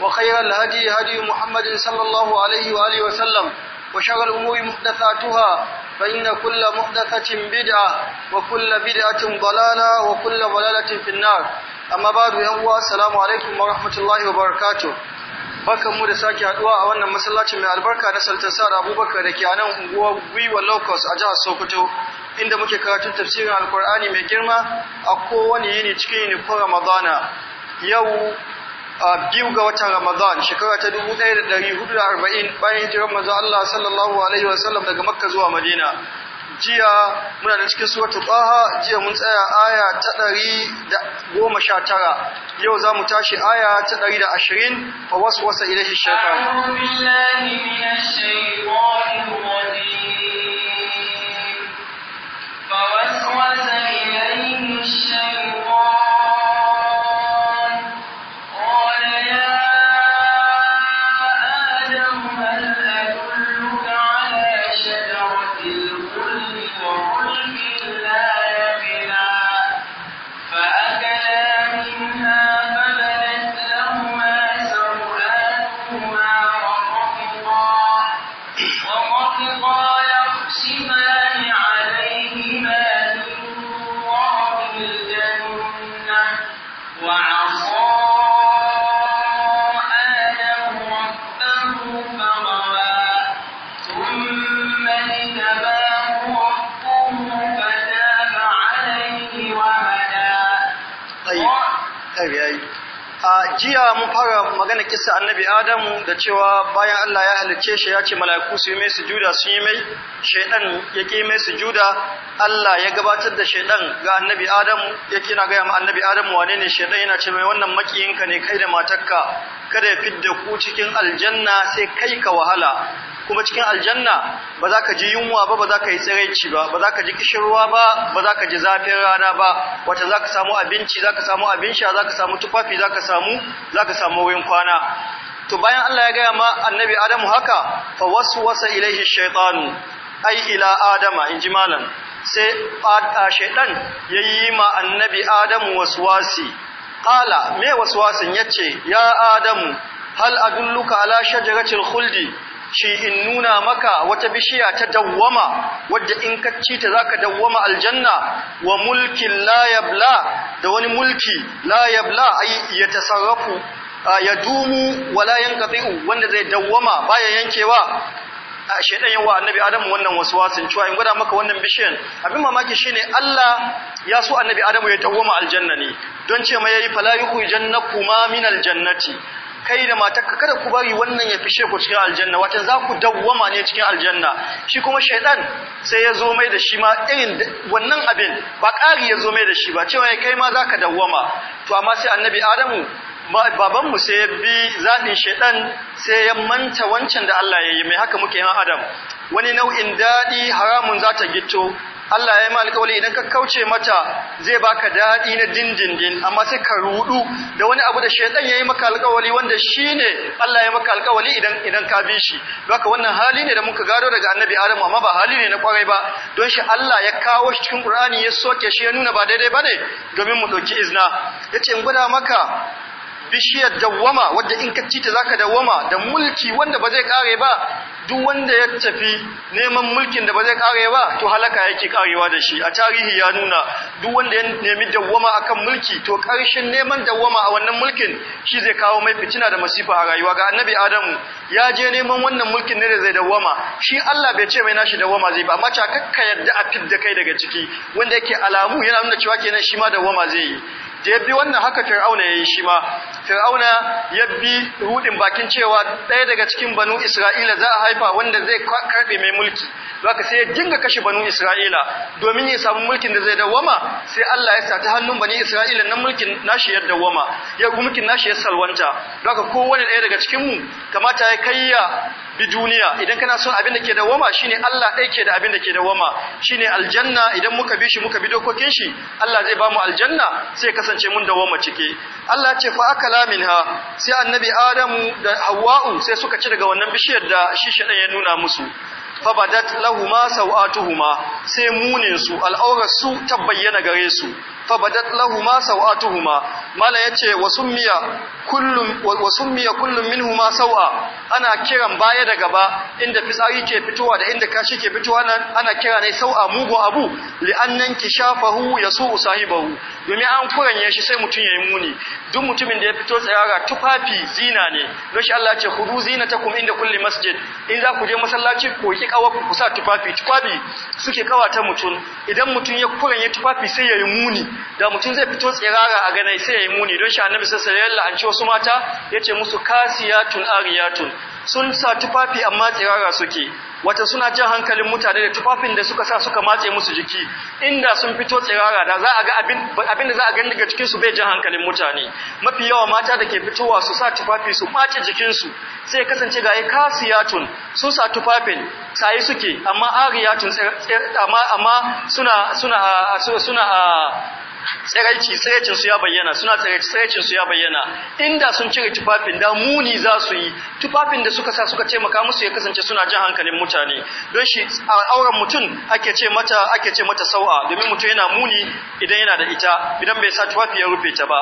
وخير الهدي هدي محمد صلى الله عليه وآله وسلم وشر الأمور محدثاتها فإن كل محدثة بدعة وكل بدعة ضلالة وكل ضلالة في النار أما بعد يهوى السلام عليكم ورحمة الله وبركاته mu da sake haduwa a wannan masallacin mai albarka na Saltasar Abubakar da ke a nan unguwar Gwiwa a jihar Sokoto inda muke karatun tafsirin Alkur'ani mai girma a kowane yini cikin yini ko Ramadana yau biyu ga watan Ramadan shekara ta 1440 bayan hijirar manzo Allah sallallahu alaihi wasallam daga Makka zuwa Madina jiya muna da cikin suratul Taha jiya mun tsaya aya ta 119 yau zamu tashi aya ta 120 fa waswasa ilayhi shaytan wasa billahi minash shaytanir rajim fa waswasa magana kisa annabi Adamu da cewa bayan Allah ya halicce shi ya ce mala'iku su yi mai sujuda sun yi mai shaidan ya ke mai sujuda Allah ya gabatar da shaidan ga annabi Adamu ya kina ga ma annabi Adamu wane ne shaidan yana ce mai wannan makiyinka ne kai da matarka kada ya fidda ku cikin aljanna sai kai ka wahala kuma cikin aljanna ba za ka ji yunwa ba ba za ka yi tsiraici ba ba za ka ji kishirwa ba ba za ka ji zafin rana ba wata za ka samu abinci za ka samu abin sha za ka samu tufafi za ka samu za ka samu wurin kwana to bayan Allah ya gaya ma annabi Adamu haka fa waswasa ilaihi shaytanu ai ila adama inji malam sai shaytan yayi ma annabi Adamu waswasi qala me waswasin yace ya Adamu hal adulluka ala shajaratil khuldi shi in nuna maka wata bishiya ta dawwama wadda in ka cita ta zaka dawwama aljanna wa mulkin la yabla da wani mulki la yabla ay yatasarrafu ya dumu wala yanqati'u wanda zai dawwama baya yankewa shedan yawa annabi adam wannan waswasin cewa in gwada maka wannan bishiyan abin mamaki shine Allah ya so annabi adam ya dawwama aljanna ne don ce mai yayi fala yuhu jannakuma min aljannati kai da matarka kada ku bari wannan ya fishe ku cikin aljanna wato za ku dawwama ne cikin aljanna shi kuma shaidan sai ya zo mai da shi ma irin wannan abin ba ƙari ya zo mai da shi ba cewa kai ma za ka dawwama to amma sai annabi adamu babanmu sai ya bi zaɗin shaidan sai ya manta wancan da Allah ya yi mai haka muke yan adam wani nau'in daɗi haramun za ta gito Allah ya yi alƙawari idan ka kauce mata zai baka daɗi na dindindin amma sai ka rudu da wani abu da shaitan ya yi maka alƙawari wanda shi ne Allah ya maka alƙawari idan idan ka bi shi baka wannan hali ne da muka gado daga annabi Adam amma ba hali ne na kwarai ba don shi Allah ya kawo shi cikin Qur'ani ya soke shi ya nuna ba daidai ba ne domin mu ɗauki izna yace in gwada maka bishiyar dawwama wadda in ka ci ta zaka dawwama da mulki wanda ba zai kare ba duk wanda ya tafi neman mulkin da ba zai kare ba to halaka yake karewa da shi a tarihi ya nuna duk wanda ya nemi dawwama akan mulki to karshen neman dawwama a wannan mulkin shi zai kawo mai fitina da masifa a rayuwa ga annabi adamu ya je neman wannan mulkin ne da zai dawwama shi Allah bai ce mai nashi dawwama zai ba amma ta kakka yadda a fidda kai daga ciki wanda yake alamu yana nuna cewa kenan shi ma dawwama zai yi yabbi bi wannan haka fir'auna ya yi shi ma fir'auna ya bi rudin bakin cewa ɗaya daga cikin banu isra'ila za a haifa wanda zai karbe mai mulki zaka sai ya dinga kashe banu isra'ila domin ya samu mulkin da zai dawama sai Allah ya sa ta hannun bani isra'ila nan mulkin nashi ya dawwama ya mulkin nashi ya salwanta zaka kowane ɗaya daga cikin mu kamata ya ya bi duniya idan kana son abin da ke dawama shine Allah ɗaya ke da abin da ke dawama shine aljanna idan muka bi shi muka bi dokokin shi Allah zai ba mu aljanna sai kasance kasance mun dawoma ciki Allah ce fa akala minha sai annabi Adamu da Hawwa'u sai suka ci daga wannan bishiyar da shi shedan ya nuna musu fa badat lahumu sawatuhuma sai munin su al'aurar su ta bayyana gare su fabadat lahuma sawatuhuma mala yace wasummiya kullum wasummiya kullum minhuma sawa ana kiran baya da gaba inda fitsari ke fitowa da inda kashi ke fitowa nan ana kira ne sau'a mugu abu li'annan kishafahu yasu sahibahu domin an kuranye shi sai mutun yayi muni duk mutumin da ya fito tsayara tufafi zina ne don shi Allah ya ce khudu zinatakum inda kulli masjid in za ku je masallaci ko ki kawa ku sa tufafi tufafi suke kawata mutun idan mutun ya kuranye tufafi sai yayi muni da mutum zai fito tsirara a ganai sai ya yi muni don shi annabi sai sai yalla an ci wasu mata yace musu kasiyatun ariyatun sun sa tufafi amma tsirara suke wata suna jan hankalin mutane da tufafin da suka sa suka matse musu jiki inda sun fito tsirara da za a ga abin da za a gani daga cikin su bai jan hankalin mutane mafi yawa mata da ke fitowa su sa tufafi su mace jikin su sai kasance ga kasiyatun sun sa tufafin sai suke amma ariyatun amma amma suna suna suna tsiraici tsiraicin su ya bayyana suna tsiraici tsiraicin su ya bayyana inda sun cire tufafin da muni za su yi tufafin da suka sa suka taimaka musu ya kasance suna jin hankalin mutane don shi auren mutum ake ce mata ake ce mata sau'a domin mutum yana muni idan yana da ita idan bai sa tufafi ya rufe ta ba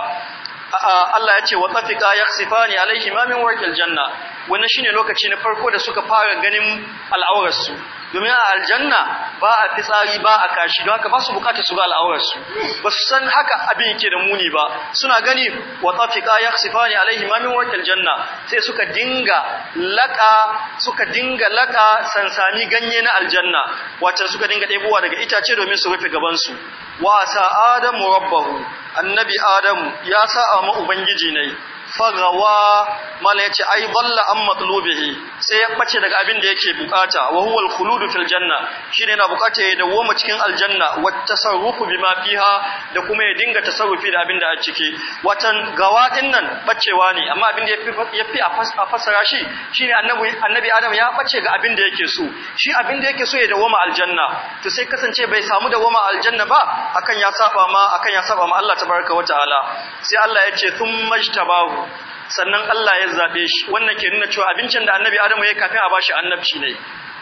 Allah ya ce wa ya yaksifani alaihi mamin warkar warkil janna wannan shine lokaci na farko da suka fara ganin al'aurarsu domin a aljanna ba a fitsari ba a kashi don haka ba su bukata su ga al'aurarsu ba su san haka abin yake da muni ba suna gani wa tafiqa yakhsifani alaihi ma min janna sai suka dinga laka suka dinga laka sansani ganye na aljanna wacce suka dinga ɗebowa daga itace domin su rufe gaban su wa sa adamu rabbahu annabi adamu ya sa'a ma ubangiji ne fagawa mana mala yace ai balla an matlubihi sai ya bace daga abin da yake bukata wa huwa al-khulud fil janna shine yana bukata ya dawoma cikin aljanna wa tasarrufu bima fiha da kuma ya dinga tasarrufi da abin da a ciki watan gawa din nan bacewa ne amma abin da yafi a fasara shi shine annabi annabi adam ya bace ga abin da yake so shi abin da yake so ya dawoma aljanna to sai kasance bai samu dawoma aljanna ba akan ya saba ma akan ya saba ma Allah tabaraka wa ta'ala sai Allah ya ce thumma ijtabahu sannan Allah ya zabe shi wannan ke nuna cewa abincin da annabi Adamu ya kafin a bashi annabci ne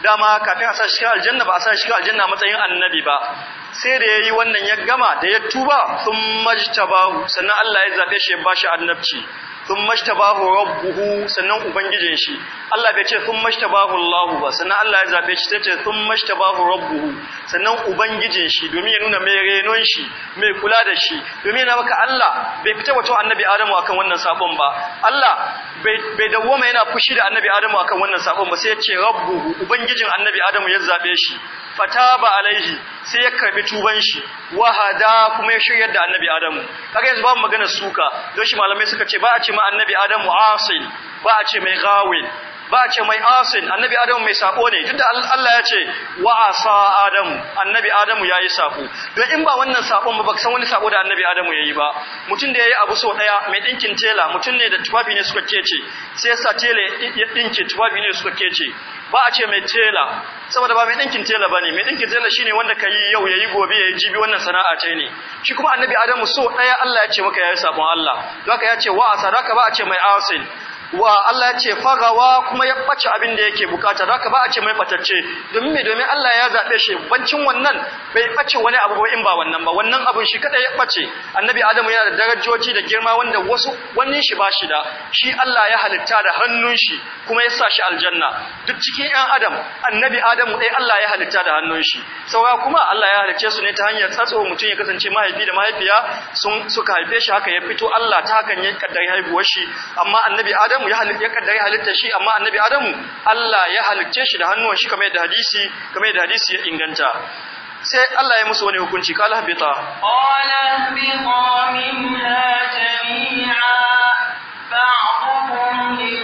dama kafin a sa shi aljanna ba a sa shi aljanna matsayin annabi ba sai da yayi wannan ya gama da ya tuba sun majtabahu sannan Allah ya zabe shi ya bashi annabci sun mashtabahu rabbuhu sannan ubangijin shi Allah bai ce sun mashtabahu Allah ba sannan Allah ya zabe shi tace sun mashtabahu rabbuhu sannan ubangijin shi domin ya nuna mai renon shi mai kula da shi domin yana maka Allah bai fita wato annabi Adamu akan wannan sabon ba Allah bai dawo mai yana fushi da annabi Adamu akan wannan sabon ba sai ya ce rabbuhu ubangijin annabi Adamu ya zabe shi fataba alaihi sai ya karbi tuban shi wahada kuma ya shiryar da annabi Adamu kaga yanzu babu magana suka don shi malamai suka ce ba a ce ma annabi Adamu mu'asil ba a ce mai gawin ba ce mai asin annabi adamu mai sako ne duk da Allah ya ce wa asa adamu annabi adamu yayi sako don in ba wannan sakon ba baka san wani sako da annabi adamu yayi ba mutum da yayi abu so daya mai dinkin tela mutum ne da tufafi ne suka kece sai ya sa tela ya dinke tufafi ne suka kece ba a ce mai tela saboda ba mai dinkin tela bane mai dinkin tela shine wanda kai yau yayi gobe yayi jibi wannan sana'a ce ne shi kuma annabi adamu so daya Allah ya ce maka yayi sakon Allah don haka ya ce wa asa ba a ce mai asin wa Allah ya ce fagawa kuma ya ɓace abin da yake bukata ka ba a ce mai ɓatacce domin me domin Allah ya zaɓe shi bancin wannan bai ɓace wani abu ba in ba wannan ba wannan abun shi kada ya ɓace annabi adamu yana da darajoji da girma wanda wasu wani shi ba shi da shi Allah ya halitta da hannun shi kuma ya sa shi aljanna duk cikin ƴan adam annabi adamu ɗaya Allah ya halitta da hannun shi saura kuma Allah ya halicce su ne ta hanyar tsatso mutum ya kasance mahaifi da mahaifiya sun suka haife shi haka ya fito Allah ta hakan ya kaddar haihuwar shi amma annabi adamu Adamu ya halitta ya halitta shi amma annabi Adamu Allah ya halicce shi da hannuwan shi kamar yadda hadisi kamar yadda hadisi ya inganta sai Allah ya musu wani hukunci qala habita qala habita minha jami'a ba'dukum lil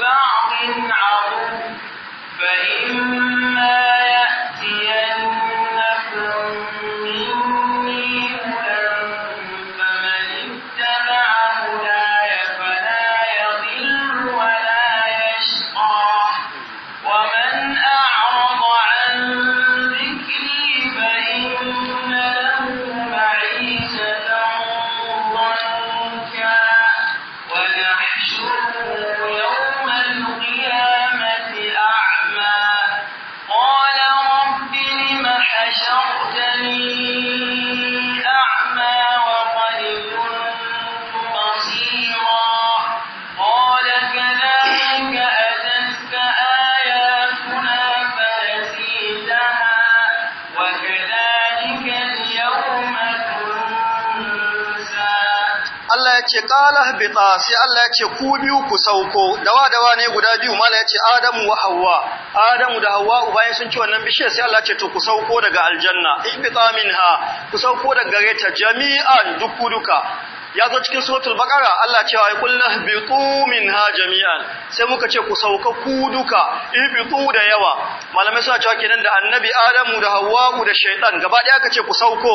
qala habita sai Allah ya ku biyu ku sauko dawa dawa ne guda biyu mala yace adamu wa Hauwa. adamu da Hauwa bayan sun ci wannan bishiyar sai Allah ya ce to ku sauko daga aljanna ibita minha ku sauko daga gare ta jami'an duku duka ya zo cikin suratul baqara Allah cewa ya kullu bitu minha jami'an sai muka ce ku sauka ku duka ibitu da yawa malamai suna cewa kenan da annabi adamu da hawwa'u da shaytan gaba daya ka ce ku sauko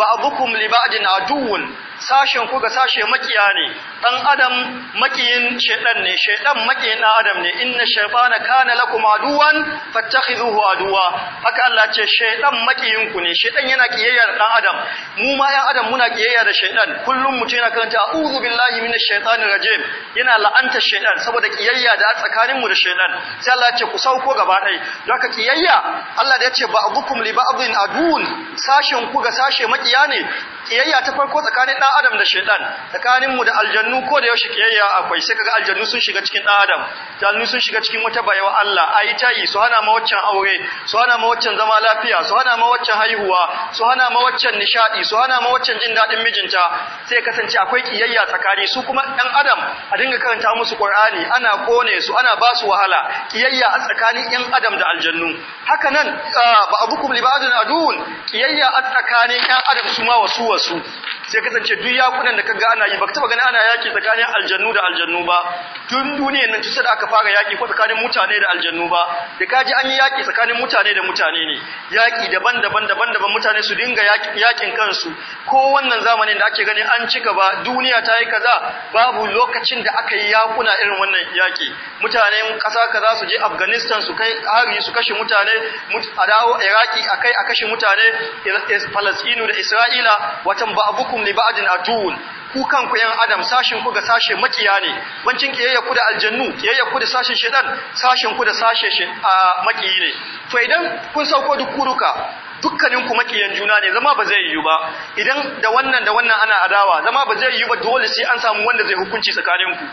ba'dukum li ba'din aduwwun sashen ku ga sashe makiya ne dan adam makiyin shedan ne shedan makiyin dan adam ne inna shaytana kana lakum aduwan fattakhizuhu aduwa haka Allah ce shaiɗan makiyin ku ne Shaiɗan yana kiyayya da dan adam mu ma yan adam muna kiyayya da shaiɗan. kullum ce yana karanta a'udhu billahi minash shaitanir rajim yana la'anta shaiɗan, saboda kiyayya da tsakanin mu da shaiɗan. sai Allah ce ku sauko gaba dai don ka kiyayya Allah da ya ce ba'dukum li ba'din adun sashen ku ga sashe makiyin ƙiyayya ne kiyayya ta farko tsakanin ɗan adam da shaytan tsakanin mu da aljannu ko da yaushe kiyayya akwai sai kaga aljannu sun shiga cikin ɗan adam aljannu sun shiga cikin wata bayawa Allah ayi tayi su hana ma aure su hana ma zama lafiya su hana ma haihuwa su hana ma waccan nishadi su hana ma waccan jin daɗin mijinta sai kasance akwai ƙiyayya tsakani su kuma ɗan adam a dinga karanta musu Qur'ani ana kone su ana ba su wahala Ƙiyayya a tsakanin yan adam da aljannu haka nan ba ah, abukum li ba'dun adun kiyayya a tsakanin ƴan adam su ma wasu wasu sai kasance duk yakunan da kaga ana yi ba taba gani ana yaki tsakanin aljannu da aljannu ba tun duniyar nan tusa da aka fara yaki ko tsakanin mutane da aljannu ba da kaji an yi yaki tsakanin mutane da mutane ne yaki daban-daban daban-daban mutane su dinga yakin kansu ko wannan zamanin da ake gani an cika ba duniya ta yi kaza babu lokacin da aka yi yakuna irin wannan yaki mutane kasa kaza su je Afghanistan su kai hari su kashe mutane a dawo Iraki akai a kashe mutane Palestino da Isra'ila watan ba abukum ba'dukum li ba'din atul ku kanku yan adam sashin ku ga sashe makiya ne bancin kiyayya ku da aljannu kiyayya ku da sashin shedan sashin ku da sashe shi a makiyi ne to idan kun sauko duk kuruka dukkanin ku makiyan juna ne zama ba zai yiwu ba idan da wannan da wannan ana adawa zama ba zai yiwu ba dole sai an samu wanda zai hukunci tsakanin ku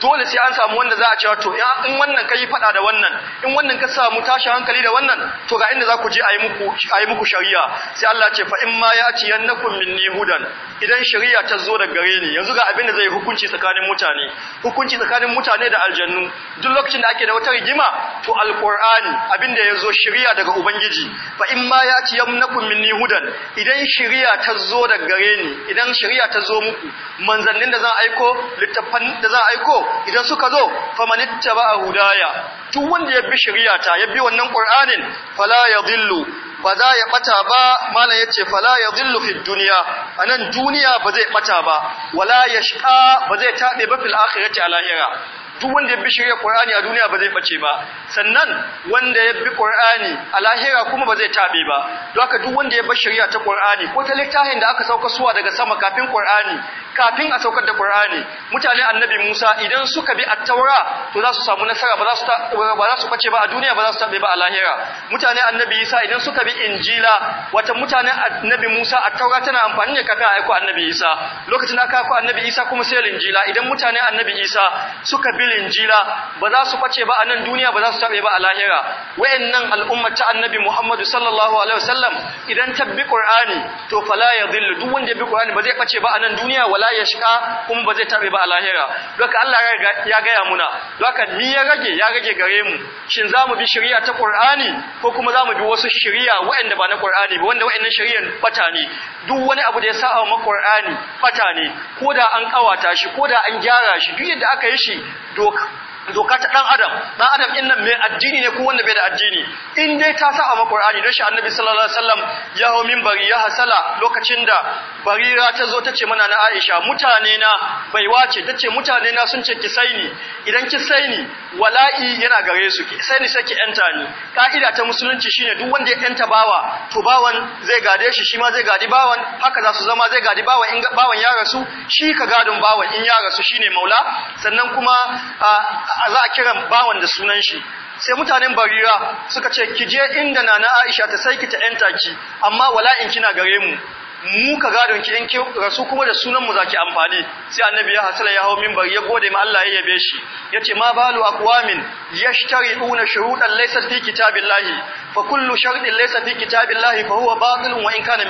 dole sai an samu wanda za a cewa to in wannan kai faɗa da wannan in wannan ka samu tashi hankali da wannan to ga inda za ku je a yi muku a muku shari'a sai Allah ce fa in ma ya ci yannakum minni hudan idan shari'a ta zo daga gare ni yanzu ga abin da zai hukunci tsakanin mutane hukunci tsakanin mutane da aljannu duk lokacin da ake da wata rigima to alqur'ani abin da zo shari'a daga ubangiji fa in ma ya ci yannakum minni hudan idan shari'a ta zo daga gare ni idan shari'a ta zo muku manzannin da za aiko littafan da zan aiko idan suka zo ba a hudaya duk wanda ya bi shari'ata ya bi wannan ƙur'anin fala yadhillu ba za ya ɓata ba malam yace fala yadhillu duniya a nan duniya ba zai ɓata ba wala ya yashqa ba zai tabe ba fil akhirati a lahira duk wanda ya bi shirya Qur'ani a duniya ba zai bace ba sannan wanda ya bi Qur'ani a lahira kuma ba zai tabe ba don haka duk wanda ya bi shirya ta Qur'ani ko ta littafin da aka sauka suwa daga sama kafin Qur'ani kafin a saukar da Qur'ani mutane annabi Musa idan suka bi at-Taura to za su samu nasara ba za su ba za su bace ba a duniya ba za su tabe ba a lahira mutane annabi Isa idan suka bi Injila wata mutane annabi Musa at-Taura tana amfani ne kafin a aiko annabi Isa lokacin da aka aiko annabi Isa kuma sai Injila idan mutane annabi Isa suka bi linjila ba za su bace ba a nan duniya ba za su tabe ba a lahira nan al'umma ta annabi Muhammad sallallahu alaihi wasallam idan tabbi ƙur'ani to fala ya zillu duk wanda bi ƙur'ani ba zai face ba a nan duniya wala yashqa kuma ba zai tabe ba a lahira doka Allah ya gaya muna doka ni ya rage ya rage gare mu shin zamu bi shari'a ta ƙur'ani ko kuma zamu bi wasu shari'a wayanda ba na ƙur'ani ba wanda wayannan shari'a bata ne duk wani abu da ya sa'a ma ƙur'ani bata ne ko da an kawata shi ko da an gyara shi duk yadda aka yi shi doka doka ta dan adam dan adam din nan mai addini ne ko wanda bai da addini in dai ta sa a makurani don shi annabi sallallahu alaihi wasallam ya hau bari ya hasala lokacin da barira ta zo ta ce mana na Aisha mutane na bai wace ta ce mutane na sun ce ki sai ni. idan ki sai ni wala'i yana gare su ki sai ki yanta ni ka'ida ta musulunci shine duk wanda ya yanta bawa to bawan zai gade shi shi ma zai gadi bawan haka za su zama zai gadi bawan in bawan ya rasu shi ka gadon bawan in ya rasu shine maula sannan kuma 'a za a kiran bawan da sunan shi sai mutanen barira suka ce ki je inda nana Aisha ta saiki ta yanta ki amma wala'in kina gare mu mu ka gadon ki in ki rasu kuma da sunan mu zaki amfani sai annabi ya hasala ya hawo minbar ya gode ma Allah ya yabe shi yace ma balu aqwamin yashtari'una shurutan laysa fi kitabillahi fa kullu shartin laysa fi kitabillahi fa huwa batilun wa in kana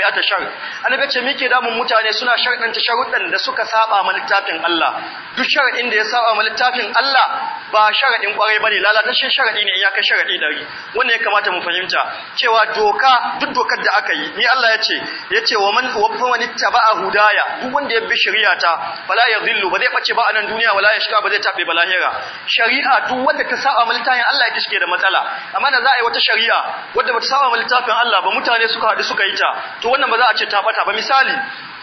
annabi ce mike damun mutane suna sharɗanta sharuɗan da suka saba ma littafin Allah duk sharaɗin da ya saba ma littafin Allah ba sharadin kwarai bane lalatacce sharadi ne ya kai sharadi dari wannan ya kamata mu fahimta cewa doka duk dokar da aka yi ni Allah ya ce ya ce wa man waffa man a hudaya duk wanda ya bi shari'ata fala yadhillu ba zai bace ba a nan duniya wala yashqa ba zai tabe ba shari'a duk wanda ta saba ma littafin Allah ya kishke da matsala amma da za a yi wata shari'a wadda bata saba ma littafin Allah ba mutane suka hadu suka yi ta to wannan ba za a ce ta bata ba misali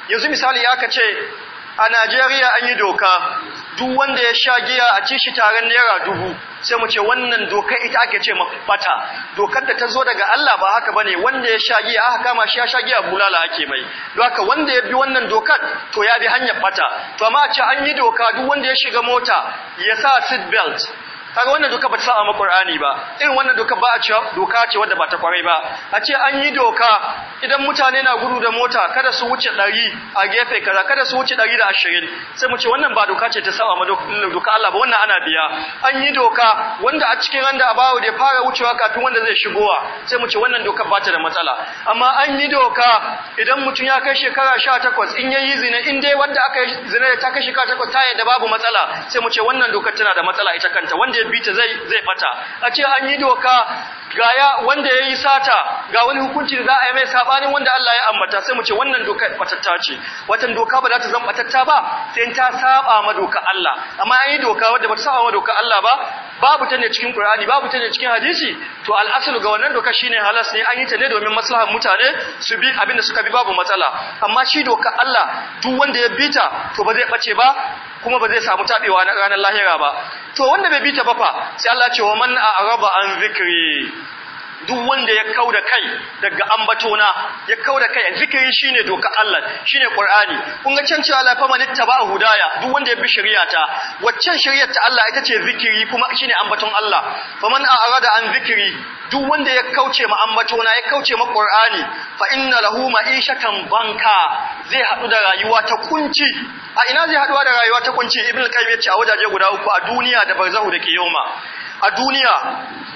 yanzu misali ya ka ce a Najeriya an yi doka duk wanda ya sha giya a ci shi taron naira dubu sai mu ce wannan doka ita ake ce bata dokar da ta zo daga Allah ba haka bane wanda ya sha giya aka kama shi ya sha giya bulala ake mai don haka wanda ya bi wannan dokar to ya bi hanyar bata to amma a ce an yi doka duk wanda ya shiga mota ya sa seat belt kaga wannan doka ba ta sa a makurani ba irin wannan doka ba a cewa doka ce wadda ba ta kwarai ba a ce an yi doka idan mutane na gudu da mota kada su wuce ɗari a gefe kaza kada su wuce da ashirin sai mu ce wannan ba doka ce ta sa ma doka Allah ba wannan ana biya an yi doka wanda a cikin randa a bawo da ya fara wucewa kafin wanda zai shigowa sai mu ce wannan doka ba ta da matsala amma an yi doka idan mutum ya kai shekara 18 in yayi zina in dai wanda aka zina ta kai shekara 18 ta yadda babu matsala sai mu ce wannan dokar tana da matsala ita kanta wanda zai bi zai fata a ce an yi doka ga ya wanda yayi sata ga wani hukunci da za a yi mai sabanin wanda Allah ya ambata sai mu ce wannan doka batatta ce watan doka ba za ta zama batatta ba sai ta saba ma doka Allah amma an yi doka wadda ba ta saba ma doka Allah ba babu ta ne cikin Qur'ani babu ta ne cikin hadisi to al'asul ga wannan doka shine halas ne an yi ta ne domin maslahar mutane su bi abin da suka bi babu matsala amma shi doka Allah duk wanda ya bi ta to ba zai bace ba kuma ba zai samu tabewa na ranar lahira ba to wanda bai bi ta bafa, fa sai Allah ce wa man a'raba an zikri duk wanda ya kauda kai daga ambatona ya kauda kai zikiri shine doka Allah shine Qur'ani kun ga can cewa la fa manittaba hudaya duk wanda ya bi ta, waccan shari'a ta Allah ita ce zikiri kuma shine ambaton Allah faman arada an zikiri duk wanda ya kauce ma ambatona ya kauce ma Qur'ani fa inna lahu ma'ishatan banka zai hadu da rayuwa ta kunci a ina zai haduwa da rayuwa ta kunci ibn qayyim ya ce a wajaje guda uku a duniya da barzahu da kiyama a duniya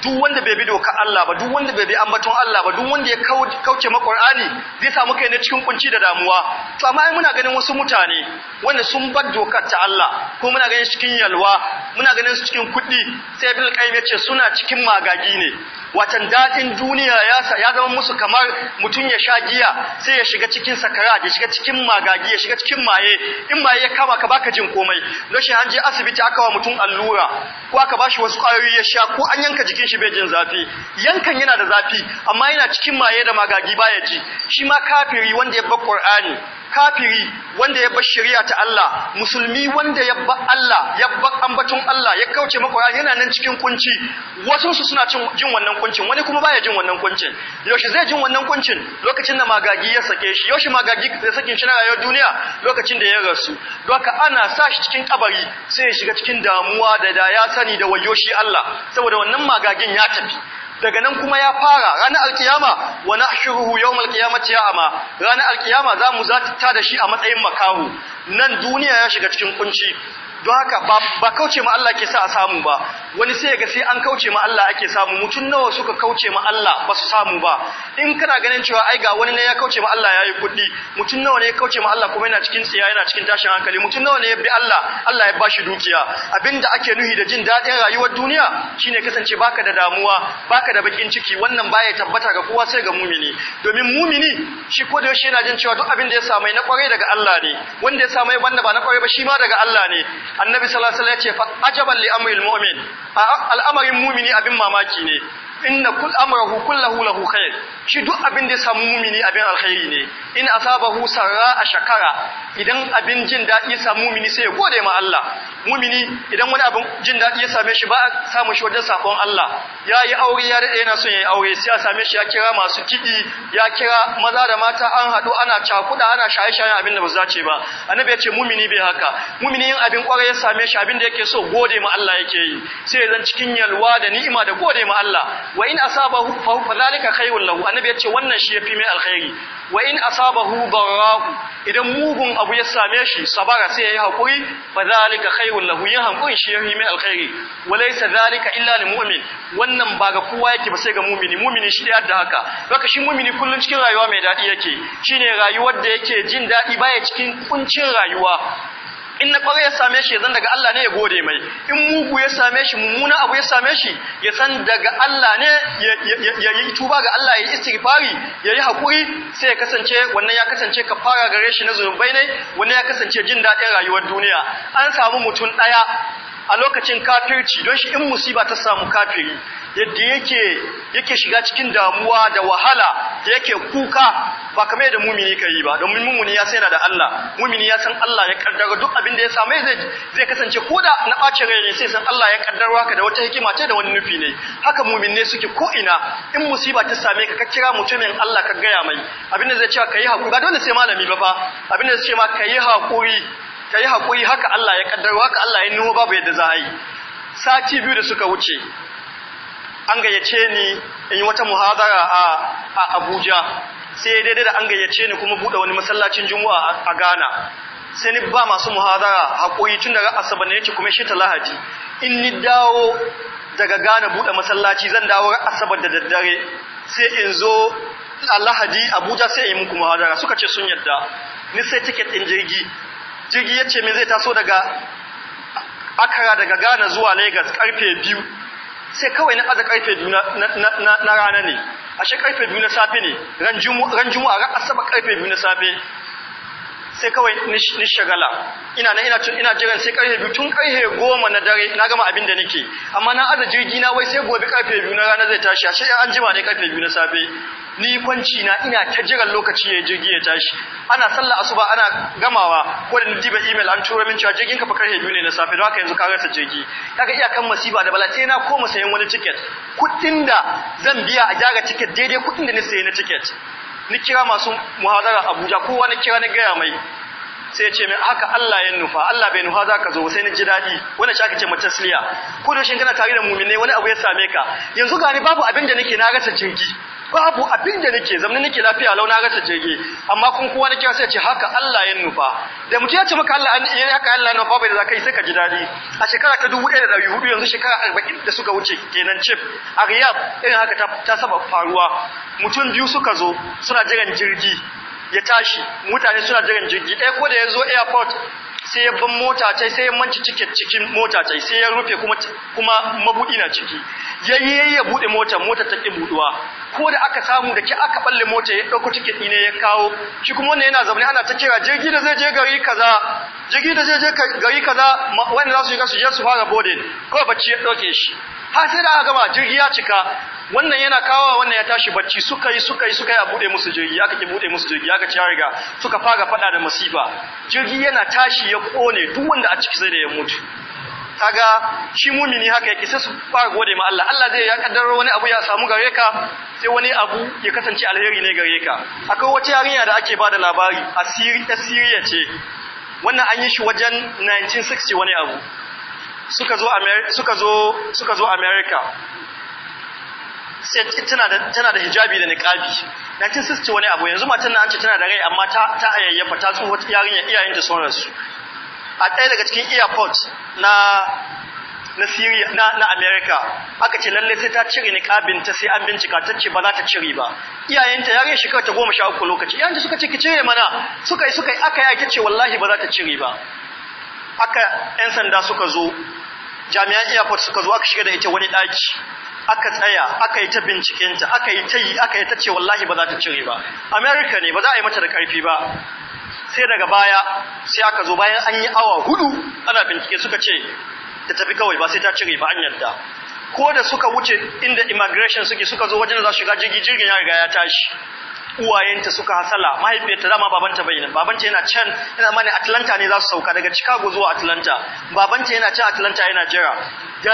duk wanda bai bi dokar Allah ba duk wanda bai bi ambaton Allah ba duk wanda ya kauce ma Qur'ani zai samu kai ne cikin kunci da damuwa to amma ai muna ganin wasu mutane wanda sun bar dokar ta Allah ko muna ganin cikin yalwa muna ganin su cikin kuɗi sai bil Qayyim ya ce suna cikin magagi ne watan daɗin duniya ya zama musu kamar mutum ya sha giya sai ya shiga cikin sakara ya shiga cikin magagi ya shiga cikin maye in maye ya kama ka baka jin komai don shi an je asibiti aka wa mutum allura ko aka bashi wasu kwayoyi ya sha ko an yanka jikin shi bai jin zafi yankan yana da zafi amma yana cikin maye da magagi baya ji shi ma kafiri wanda ya bar Qur'ani kafiri wanda ya bar shari'a ta Allah musulmi wanda ya bar Allah ya bar ambaton Allah ya kauce maka yana nan cikin kunci wasu su suna jin wannan kuncin wani kuma baya jin wannan kuncin yaushe zai jin wannan kuncin lokacin da magagi ya sake shi yaushe magagi zai sake shi na rayuwar duniya lokacin da ya rasu doka ana sa shi cikin kabari sai ya shiga cikin damuwa da da ya sani da wayo Allah saboda wannan magagin ya tafi daga nan kuma ya fara ranar alkiyama wa nahshuruhu yawm alqiyamati ya'ama ranar alkiyama zamu zata ta da shi a matsayin makahu nan duniya ya shiga cikin kunci don haka ba kauce ma Allah ke sa a samu ba wani sai ga sai an kauce ma Allah ake samu mutun nawa suka kauce ma Allah ba su samu ba in kana ganin cewa ai ga wani ne ya kauce ma Allah yayi kuɗi mutun nawa ne ya kauce ma Allah kuma yana cikin tsiya yana cikin tashin hankali mutun nawa ne ya bi Allah Allah ya bashi dukiya abinda ake nuhi da jin daɗin rayuwar duniya shine kasance baka da damuwa baka da bakin ciki wannan baya tabbata ga kowa sai ga mumini domin mumini shi ko da yashi yana jin cewa duk abinda ya samu na kwarai daga Allah ne wanda ya samu wanda ba na kwarai ba shi ma daga Allah ne annabi sallallahu alaihi wasallam ya ce ajaban li amril mu'min al'amarin mu'mini abin mamaki ne inna kull amrahu kullahu lahu khair shi duk abin da ya samu mumini abin alkhairi ne in asabahu sarra a shakara idan abin jin dadi ya samu mumini sai ya gode ma Allah mumini idan wani abin jin dadi ya same shi ba a samu shi wajen sakon Allah yayi aure ya dade yana son yi aure sai a same shi ya kira masu kidi ya kira maza da mata an hadu ana cakuda ana shaye shaye abin da ba za ce ba annabi ya ce mumini bai haka mumini yin abin kwarai ya same shi abin da yake so gode ma Allah yake yi sai zan cikin yalwa da ni'ima da gode ma Allah wa in asabahu fa zalika khairul lahu annabi yace wannan shi yafi mai alkhairi wa in asabahu dara'u idan mugun abu ya same shi sabara sai yayi hakuri fa zalika khairul lahu yin hakuri shi yafi mai alkhairi wa laysa zalika illa lil mu'min wannan ba ga kowa yake ba sai ga mu'mini mu'mini shi da haka haka shi mu'mini kullun cikin rayuwa mai dadi yake shine rayuwar da yake jin dadi baya cikin kuncin rayuwa in na kwarai ya same shi ya zan daga Allah ne ya gode mai in mugu ya same shi mummuna abu ya same shi ya san daga Allah ne ya yi tuba ga Allah ya yi istighfari ya yi hakuri sai ya kasance wannan ya kasance kafara gare shi na zunubai ne wannan ya kasance jin daɗin rayuwar duniya an samu mutum ɗaya a lokacin kafirci don shi in musiba ta samu kafiri yadda yake yake shiga cikin damuwa da wahala yake kuka ba kamar da mumini ka yi ba domin mumini ya sai da Allah mumini ya san Allah ya kaddara duk abin da ya same zai zai kasance koda na bace rai ne sai san Allah ya kaddara ka da wata hikima ce da wani nufi ne haka ne suke ko ina in musiba ta same ka ka kira mutumin Allah ka gaya mai abin da zai ce ka yi hakuri ba dole sai malami ba fa abin da zai ce ma ka yi hakuri ka hakuri haka Allah ya kaddara haka Allah ya nuno babu yadda za a yi sati biyu da suka wuce an gayyace ni in yi wata muhadara a Abuja sai daidai da an gayyace ni kuma buɗe wani masallacin Juma'a a Ghana sai ni ba masu muhadara haƙoyi tun da Asaba ne ce kuma shi ta Lahadi in ni dawo daga Ghana buɗe masallaci zan dawo Asaba da daddare sai in zo a Lahadi Abuja sai in muku muhadara suka ce sun yadda ni sai tiket ɗin jirgi jirgi ya ce min zai taso daga akara daga Ghana zuwa Lagos karfe biyu sai kawai na aza karfe biyu na rana ne a ashe karfe biyu na safe ne ran a ran asaba karfe biyu na safe sai kawai ni shagala ina nan ina ina jiran sai karfe biyu tun karfe goma na dare na gama abin da nake amma na aza jirgi na wai sai gobe karfe biyu na rana zai tashi ashe an jima ne karfe biyu na safe ni kwanci na ina ta jiran lokaci ya jirgi ya tashi ana sallah asuba ana gamawa ko da diba email an turo min cewa jirgin ka fa karfe biyu ne na safe don haka yanzu ka rasa jirgi kaga kan masiba da bala sai na koma sayan wani ticket kuɗin da zan biya a jaga ticket daidai kuɗin da ni sayi na ticket ni kira masu muhadara Abuja kowa ni kira ni gaya mai sai ce min haka Allah ya nufa Allah bai nufa za ka zo sai ni ji dadi wannan shi aka ce mace matasliya ko da shin kana tare da mu'mine wani abu ya same ka yanzu gani babu abin da nake na rasa jinki babu abin da nake zamanin nake lafiya launa na rasa jirgi amma kun kowa nake sai ce haka Allah ya nufa da mutum ya ce maka Allah ya haka Allah ya nufa bai da zaka yi sai ka ji dadi a shekara ta 1400 yanzu shekara 40 da suka wuce kenan chip a irin haka ta saba faruwa mutum biyu suka zo suna jiran jirgi ya tashi mutane suna jiran jirgi ɗaya ko da ya zo airport sai ya ban mota tai sai ya manci cikin cikin mota tai sai ya rufe kuma kuma mabudi na ciki yayi ya bude mota mota ta ki buduwa ko da aka samu da ke aka balle mota ya dauko tiketi ne ya kawo shi kuma wannan yana zaune ana ta kira jirgi da zai je gari kaza jirgi da zai je gari kaza wanda za su shiga su je su fara boarding ko bacci ya dauke shi har sai da aka gama jirgi ya cika wannan yana kawo wannan ya tashi bacci suka yi suka yi suka yi a bude musu jirgi aka ke bude musu jirgi aka ci ya riga suka fara faɗa da masifa jirgi yana tashi ya kone duk wanda a ciki sai da ya mutu kaga shi mumini haka yake sai su fara gode ma Allah Allah zai ya kaddara wani abu ya samu gare ka sai wani abu ya kasance alheri ne gare ka akwai wata yarinya da ake bada labari asiri siriya ce wannan an yi shi wajen 1960 wani abu suka zo suka zo suka zo America sai tana da tana da hijabi da niqabi 1960 wani abu yanzu matan nan an ce tana da rai amma ta ta hayayyafa ta tsuwa yarinya iyayen sun rasu a ɗaya daga cikin airport na na Syria na na America aka ce lalle sai ta cire niqabin ta sai an bincika ta ce ba za ta cire ba iyayenta yare shekara ta 13 lokaci iyayenta suka ce ki cire mana suka yi suka yi aka yi aka ce wallahi ba za ta cire ba aka yan sanda suka zo jami'an airport suka zo aka shiga da ita wani daki aka tsaya aka yi ta bincikenta aka yi ta yi aka yi ta ce wallahi ba za ta cire ba America ne ba za a yi mata da karfi ba sai daga baya sai aka zo bayan an yi awa hudu ana bincike suka ce ta tafi kawai ba sai ta cire ba an yadda ko da suka wuce inda immigration suke suka zo wajen za su shiga jirgi jirgin ya riga ya tashi uwayenta suka hasala mahaifiyarta dama babanta bai nan babanta yana can yana mani Atlanta ne za su sauka daga Chicago zuwa Atlanta babanta yana can Atlanta yana jira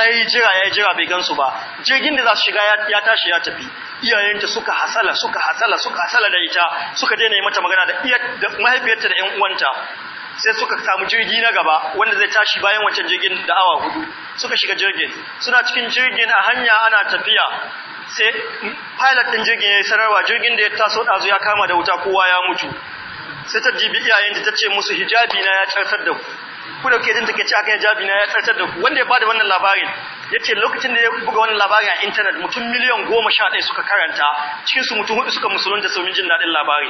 ya yi jira ya yi jira bai gansu ba jirgin da za su shiga ya tashi ya tafi iyayenta suka hasala suka hasala suka hasala da ita suka daina yi mata magana da mahaifiyarta da 'yan uwanta sai suka samu jirgi na gaba wanda zai tashi bayan wancan jirgin da awa hudu suka shiga jirgin suna cikin jirgin a hanya ana tafiya sai pilot din jirgin ya yi sanarwa jirgin da ya taso ɗazu ya kama da wuta kowa ya mutu sai ta jibi da ta ce musu hijabi na ya tsarsar da ku ku da ke jin take akan hijabi na ya tsarsar da ku wanda ya bada wannan labarin yace lokacin da ya buga wani labarin a intanet mutum miliyan goma sha ɗaya suka karanta cikin su mutum hudu suka musulunta domin jin daɗin labari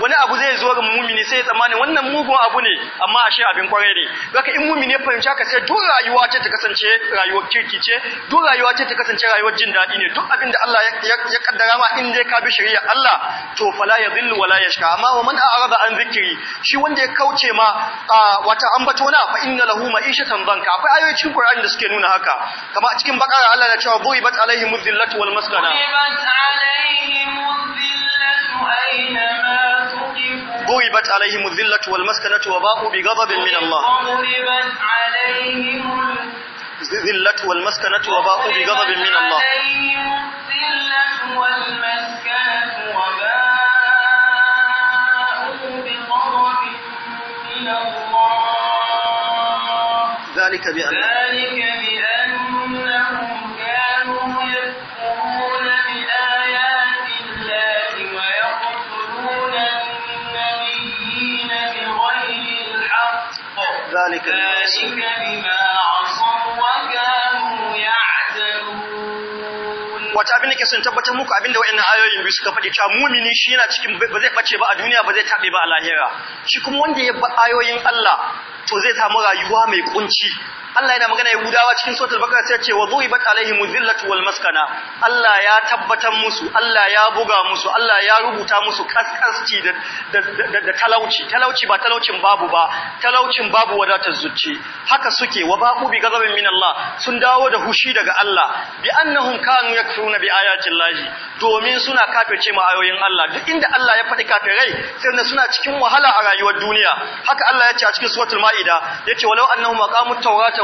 wani abu zai zo ga mumini sai ya tsammani wannan mugun abu ne amma ashe abin kwarai ne zaka in mumini ya fahimci haka sai duk rayuwa ce ta kasance rayuwar kirki ce duk rayuwa ce ta kasance rayuwar jin daɗi ne duk abin da Allah ya kaddara ma in dai ka bi shari'a Allah to fala yadhillu wala yashqa amma wa man a'rada an zikiri shi wanda ya kauce ma wata ambato na fa inna lahu ma'ishatan banka akwai ayoyi cikin Qur'ani da suke nuna haka kama a cikin bakara Allah na cewa buibat alaihim dhillatu wal maskana buibat alaihim dhillatu aina ma tuqifu buibat alaihim dhillatu wal maskanatu wa ba'u bi ghadabin min Allah buibat alaihim dhillatu wal maskanatu wa ba'u bi ghadabin min Allah dhillatu wal maskanatu wa ba'u bi ghadabin min Allah ذلك بأن ذلك wata abin da ke sun tabbatar muku abin da wa'annan ayoyin biyu suka faɗi cewa mumini shi yana cikin ba zai bace ba a duniya ba zai taɓe ba a lahira shi kuma wanda ya ba ayoyin Allah to zai samu rayuwa mai kunci Allah yana magana ya gudawa cikin suratul baqara sai ce wa dhuibat alaihimuz zillatu wal maskana Allah ya tabbatar musu Allah ya buga musu Allah ya rubuta musu kaskasci da da talauci talauci ba talaucin babu ba talaucin babu wadatar zuci haka suke wa baqu bi ghadabin min Allah sun dawo da hushi daga Allah bi annahum kanu yakfuruna bi ayatil lahi domin suna kafirce ma ayoyin Allah duk inda Allah ya faɗi kafirai sai suna cikin wahala a rayuwar duniya haka Allah ya ce a cikin suratul maida yace walau annahum aqamut tawrata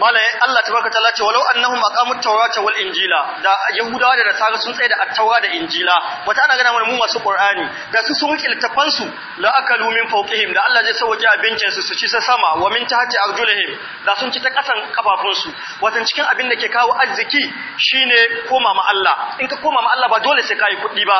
malai Allah tabaraka taala ce walau annahum aqamut tawrata wal injila da yahudawa da nasara sun tsaya da attawa da injila wata ana gana mai mu masu qur'ani da su sun kiltafan su la akalu min fawqihim da Allah zai waje abincin su su ci sa sama wa min tahti arjulihim da sun ci ta kasan kafafun su watan cikin abin da ke kawo arziki shine koma ma Allah in ka koma ma Allah ba dole sai kai kuɗi ba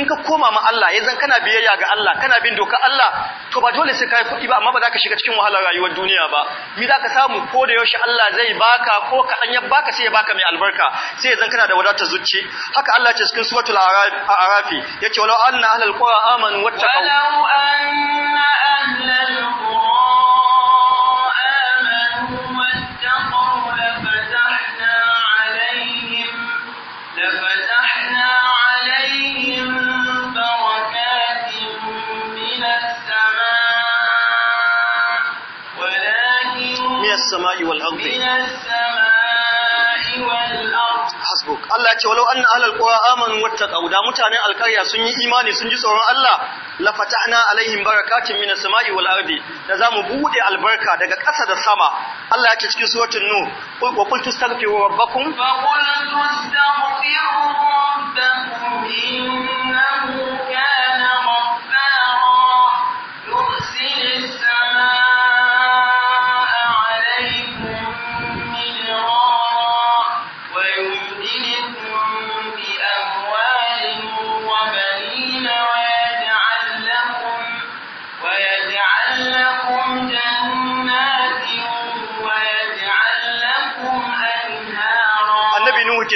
in ka koma ma Allah yanzu kana biyayya ga Allah kana bin doka Allah to ba dole sai kai kuɗi ba amma ba za ka shiga cikin wahalar rayuwar duniya ba mi za ka samu ko da yaushe Allah Allah zai baka ko kaɗan ya baka sai ya baka mai albarka sai ya zan kana da wadatar zuci haka Allah ce cikin suratul arafi yake walau anna ahlal qura amanu wattaqu walau anna السماء والأرض من السماء والأرض حسبك الله يقول ولو أن أهل القرى آمنوا واتقوا دا متانين القرية سني إيماني سنجي سوران الله lafata'na alaihim barakatin minas sama'i wal ardi da zamu bude albarka daga ƙasa da sama Allah ce cikin suratul nur wa qul tastaghfiru rabbakum wa qul tastaghfiru rabbakum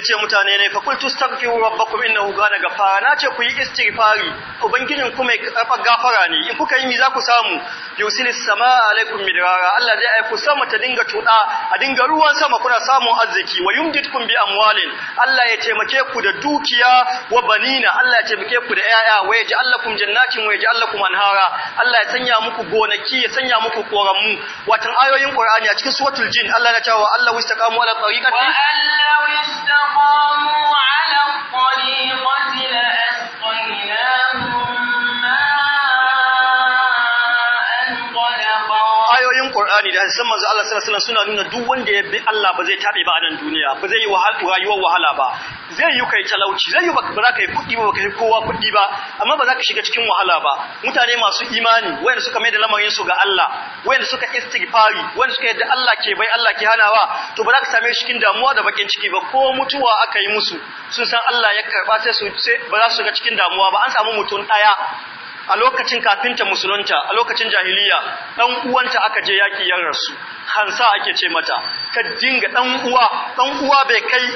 ce mutane ne fa kultu astaghfiru rabbakum innahu kana gafara na ce ku yi istighfari ubangijin ku mai kafa gafara ne in kuka yi mi za ku samu yusilis samaa alaikum midrara Allah zai aiku sama ta dinga tuda a dinga ruwan sama kuna samun arziki wa yumditkum bi amwalin Allah ya taimake ku da dukiya wa banina Allah ya taimake ku da yaya wa yaj'alakum jannatin wa yaj'alakum anhara Allah ya sanya muku gonaki ya sanya muku koramu watan ayoyin Qur'ani a cikin suratul jin Allah ya cewa wa Allah wastaqamu ala tariqati استقاموا على الطريقة Qur'ani da hadisan manzo Allah sallallahu alaihi wasallam suna nuna duk wanda ya bi Allah ba zai tabe ba a nan duniya ba zai yi rayuwar wahala ba zai yi kai talauci zai yi ba za ka yi kuɗi ba ka yi kowa kuɗi ba amma ba za ka shiga cikin wahala ba mutane masu imani wayanda suka mai da lamarin su ga Allah wayanda suka istighfari wayanda suka yadda Allah ke bai Allah ke hanawa to ba za ka same shi cikin damuwa da bakin ciki ba ko mutuwa aka yi musu sun san Allah ya karba sai su ba za su shiga cikin damuwa ba an samu mutum daya a lokacin kafinta musulunta a lokacin jahiliya dan uwanta aka je yaki yan rasu hansa ake ce mata ka dinga dan uwa dan uwa bai kai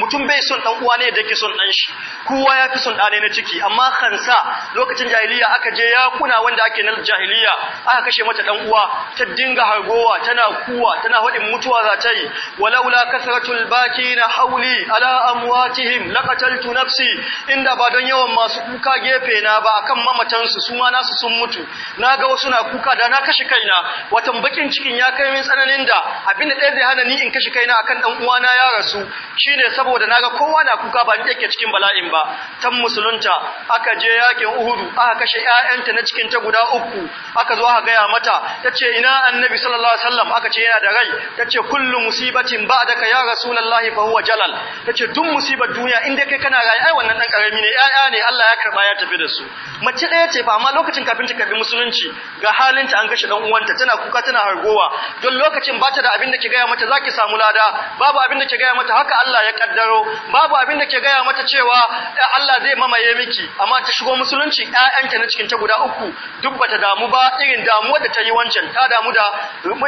mutum bai son dan uwa ne da yake son dan shi kowa ya fi son dane na ciki amma hansa lokacin jahiliya aka je ya kuna wanda ake na jahiliya aka kashe mata dan uwa ta dinga hargowa tana kuwa tana hodin mutuwa za ta yi walaula kasratul bakina hauli ala amwatihim laqataltu nafsi inda ba don yawan masu kuka gefe na ba akan mamatan su su ma nasu sun mutu naga wasu na kuka da na kashe kaina watan bakin cikin ya kai min tsananin da abinda ɗaya zai hana ni in kashe kaina akan ɗan uwana ya rasu shine saboda naga kowa na kuka ba ni yake cikin bala'in ba tan musulunta aka je yakin Uhudu aka kashe ƴaƴanta na cikin ta guda uku aka zo aka gaya mata tace ina annabi sallallahu alaihi wasallam aka ce yana da rai tace kullu musibatin ba'daka ya rasulullahi fa huwa jalal tace duk musibar duniya inda kai kana raya, ai wannan dan karami ne ƴaƴa ne Allah ya karba ya tafi da su mace ɗaya ce ba, amma lokacin kafin ta karbi musulunci ga halinta an kashe dan uwanta tana kuka tana hargowa don lokacin ba ta da abin da ke gaya mata za ki samu lada babu abin da ke gaya mata haka Allah ya kaddaro babu abin da ke gaya mata cewa eh, Allah zai mamaye miki amma ta shigo musulunci ƴaƴanta na cikin ta guda uku duk bata damu ba irin damuwar da ta yi wancan ta damu da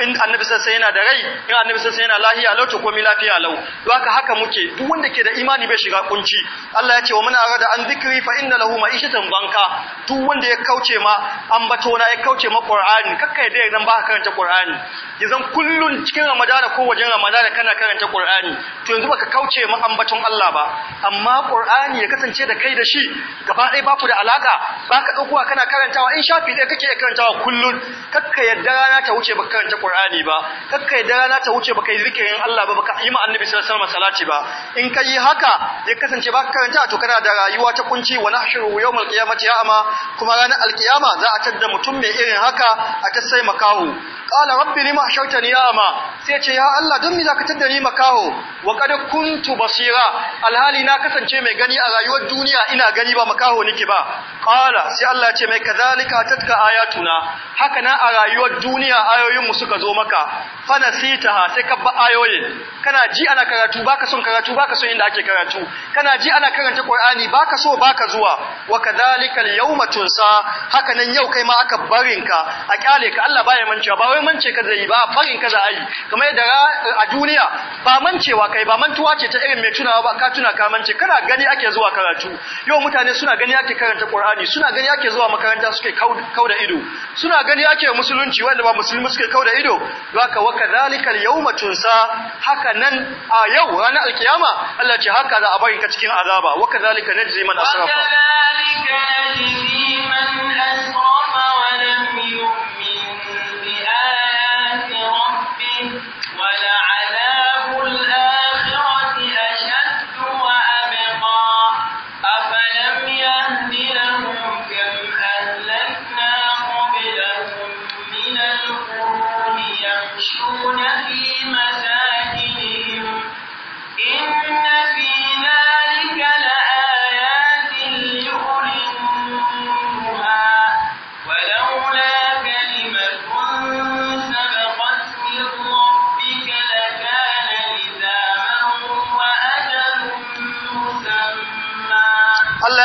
in annabi sai yana da rai in annabi sai yana lafiya lau to komai lafiya lau haka haka muke duk wanda ke da imani bai shiga kunci Allah ya ce wa muna arada an zikri fa inna lahu ma'ishatan banka duk wanda ya kauce ma ambatona na ya kauce ma Qur'ani kakkai dai nan ba ka karanta Qur'ani yanzan kullun cikin ramadana ko wajen ramadana kana karanta qur'ani to yanzu baka kauce mu ambaton Allah ba amma qur'ani ya kasance da kai da shi gaba ɗaya baku da alaka baka daukowa kana karantawa in shafi ɗaya kake karantawa kullun kakka yadda rana ta wuce baka karanta qur'ani ba kakka yadda rana ta wuce baka yi zikirin Allah ba baka yi ma annabi sallallahu alaihi wasallam salati ba in yi haka ya kasance baka karanta to kana da rayuwa ta kunci wa nahshuru yawmal qiyamati ya'ama kuma ranar alkiyama za a tadda mutum mai irin haka a ta sai makahu qala rabbi lima hashartani ama sai ce ya Allah don me zaka tada ni makaho wa qad kuntu basira alhali na kasance mai gani a rayuwar duniya ina gani ba makaho nake ba qala sai Allah ya ce mai kadhalika tatka ayatuna haka na a rayuwar duniya ayoyin mu suka zo maka fa nasitaha sai ka ba ayoyin kana ji ana karatu baka son karatu baka son inda ake karatu kana ji ana karanta Qur'ani baka so baka zuwa wa kadhalika al-yawma tunsa haka nan yau kai ma aka barinka a kyale ka Allah baya mancewa ba wai mance ka zai ba farin ka zai kamar yadda a duniya ba mancewa kai ba mantuwa ce ta irin mai tunawa ba ka tuna ka mance kana gani ake zuwa karatu yau mutane suna gani ake karanta Qur'ani suna gani ake zuwa makaranta suke kauda ido suna gani ake musulunci wanda ba musulmi suke kauda ido haka wa kadhalika al-yawma tunsa haka nan a yau ranar alkiyama Allah ce haka za a bari ka cikin azaba wa kadhalika najzi man asrafa wa kadhalika asrafa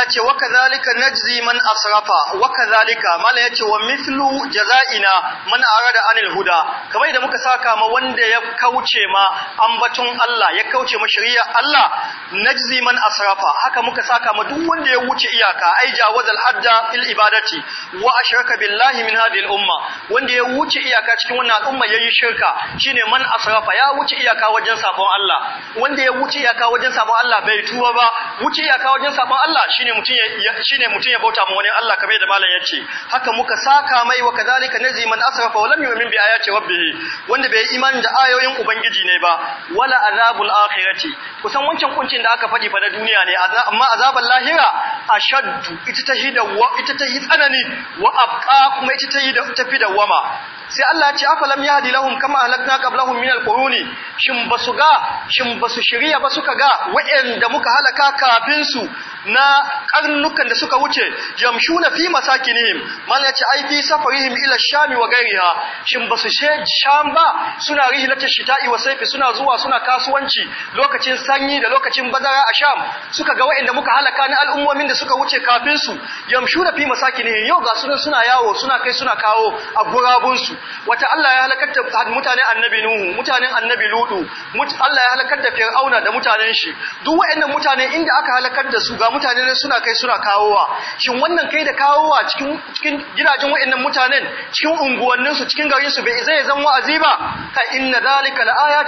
yace wakazalika kadhalika najzi man asrafa wakazalika, malam mala yace wa mithlu jazaina man arada anil huda kamar da muka saka ma wanda ya kauce ma ambaton Allah ya kauce ma shari'a Allah najzi man asrafa haka muka saka ma duk wanda ya wuce iyaka ai jawazal hadda fil ibadati wa ashraka billahi min hadhihi al umma wanda ya wuce iyaka cikin wannan al'umma yayi shirka shine man asrafa ya wuce iyaka wajen sabon Allah wanda ya wuce iyaka wajen sabon Allah bai tuba ba wuce ya kawo wajen sabon Allah shine mutum ya shine mutum ya bauta ma wani Allah kamar da malam yace haka muka saka mai wa kadalika nazi man asrafa fa lam yu'min bi ayati rabbih wanda bai imani da ayoyin ubangiji ne ba wala azabul akhirati kusan wancan kuncin da aka fadi fa na duniya ne amma azabul lahira ashaddu ita ta wa ita ta tsanani wa abqa kuma ita ta ta fi wama. sai Allah ya ce afalam yahdi lahum kama halakna qablahum min alquruni shin basu ga shin basu shiriya ba suka ga wa'anda muka halaka kafin su na karnukan da suka wuce jamshuna fi masakinihim man ya ce ai fi safarihim ila shami wa gairiha shin basu she sham ba suna rihlata shita'i wa saifi suna zuwa suna kasuwanci lokacin sanyi da lokacin bazara a sham suka ga wa'anda muka halaka na al'ummomin da suka wuce kafin su yamshuna fi masakinihim yau ga sunan suna yawo suna kai suna kawo a gurabun su. wata Allah ya halakar da mutanen annabi Nuhu mutanen annabi Lutu Allah ya halakar da Fir'auna da mutanen shi duk waɗannan mutane inda aka halakar da su ga mutane ne suna kai suna kawowa shin wannan kai da kawowa cikin cikin gidajen waɗannan mutanen cikin unguwannin su cikin garin su bai zai zama wa'azi ba ka inna zalika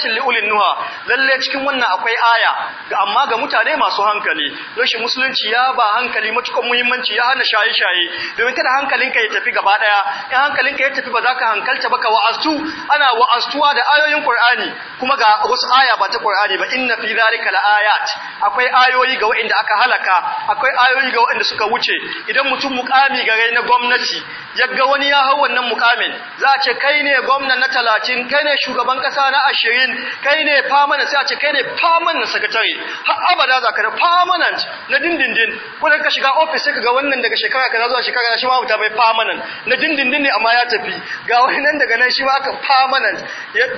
li ulin nuha lalle cikin wannan akwai aya ga amma ga mutane masu hankali don shi musulunci ya ba hankali matukar muhimmanci ya hana shaye-shaye domin kada hankalinka ya tafi gaba daya in hankalinka ya tafi ba za ka hankalta baka wa'aztu ana wa'aztuwa da ayoyin Qur'ani kuma ga wasu aya ba ta Qur'ani ba inna fi zalika laayat akwai ayoyi ga waɗanda aka halaka akwai ayoyi ga waɗanda suka wuce idan mutum mukami gare na gwamnati yaga wani ya hau wannan mukamin za a ce kai ne gwamna na 30 kai ne shugaban kasa na 20 kai ne famana sai a ce kai ne famana sakatare. har abada za ka da permanent na dindindin ko da ka shiga office sai ka ga wannan daga shekara kaza zuwa shekara kaza shi ma bai permanent na dindindin ne amma ya tafi ga wani nan daga nan shi ma aka permanent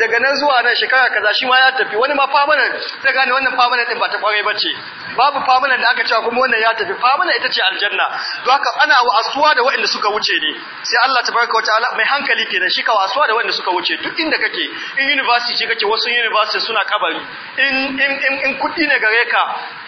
daga nan zuwa nan shekara kaza shi ma ya tafi wani ma permanent sai gane wannan permanent din ba ta kwarai bace babu permanent da aka cewa kuma wannan ya tafi permanent ita ce aljanna don haka ana asuwa da waɗanda suka wuce ne sai Allah tabaraka wa ta'ala mai hankali kenan shi ka asuwa da waɗanda suka wuce duk inda kake in university ce kake wasu university suna kabari in in in kuɗi ne gare ka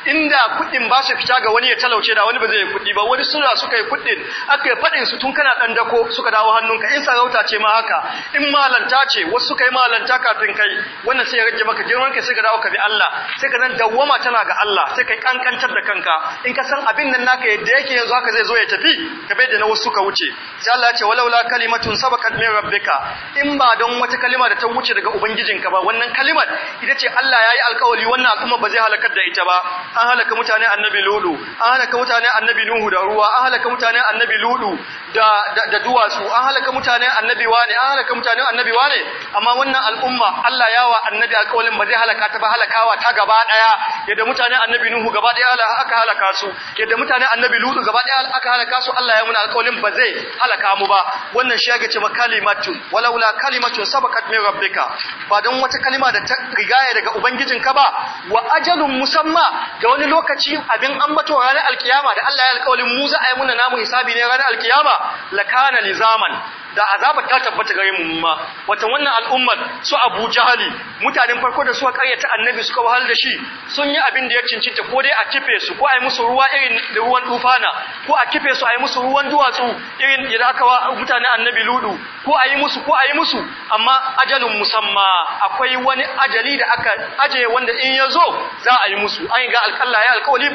inda kuɗin ba su fita ga wani ya talauce da wani ba zai yi kuɗi ba wani suna suka yi kuɗin aka yi faɗin su tun kana ɗan dako suka dawo hannunka in sarauta ce ma haka in malanta ce wasu yi malanta kafin kai wannan sai ya rage maka girman kai sai ka dawo ka bi Allah sai ka zan dawwama tana ga Allah sai kai kankantar da kanka in ka san abin nan naka yadda yake yanzu haka zai zo ya tafi ka bai da na wasu ka wuce sai Allah ya ce walaula kalimatun sabaqat min rabbika in ba don wata kalima da ta wuce daga ubangijinka ba wannan kalimar ita ce Allah ya yi alkawari wannan kuma ba zai halakar da ita ba an halaka mutane annabi lulu an halaka mutane annabi nuhu da ruwa an halaka mutane annabi lulu da da duwatsu an halaka mutane annabi wa wane an ah, halaka mutane annabi wane amma wannan al'umma Allah yawa annabi alƙawalin ba zai halaka ta ba halakawa ta gaba daya yadda mutanen annabi nuhu gaba daya aka halaka su yadda mutanen annabi lutu gaba daya aka halaka su Allah ya muna alƙawalin ba zai halaka mu ba wannan shi gace cewa kalimatu walaula kalimatu sabakat min rabbika ba don wata kalima da ta rigaya daga ubangijinka ba wa ajalun musamma da wani lokaci abin ambato ranar alkiyama da Allah ya alƙawalin mu za a yi muna namu hisabi ne ranar alkiyama lakana lizaman da azabar ta tabbata gare mu ma wata wannan al'ummar su Abu Jahali mutanen farko da suka karyata annabi suka wahal da shi sun yi abin da ya cincinta ko dai a kife su ko a yi musu ruwa irin da ruwan tufana ko a kife su a yi musu ruwan duwatsu irin da aka wa mutanen annabi Ludu ko a yi musu ko a yi musu amma ajalin musamma akwai wani ajali da aka aje wanda in ya zo za a yi musu an ga alƙalla ya alƙawali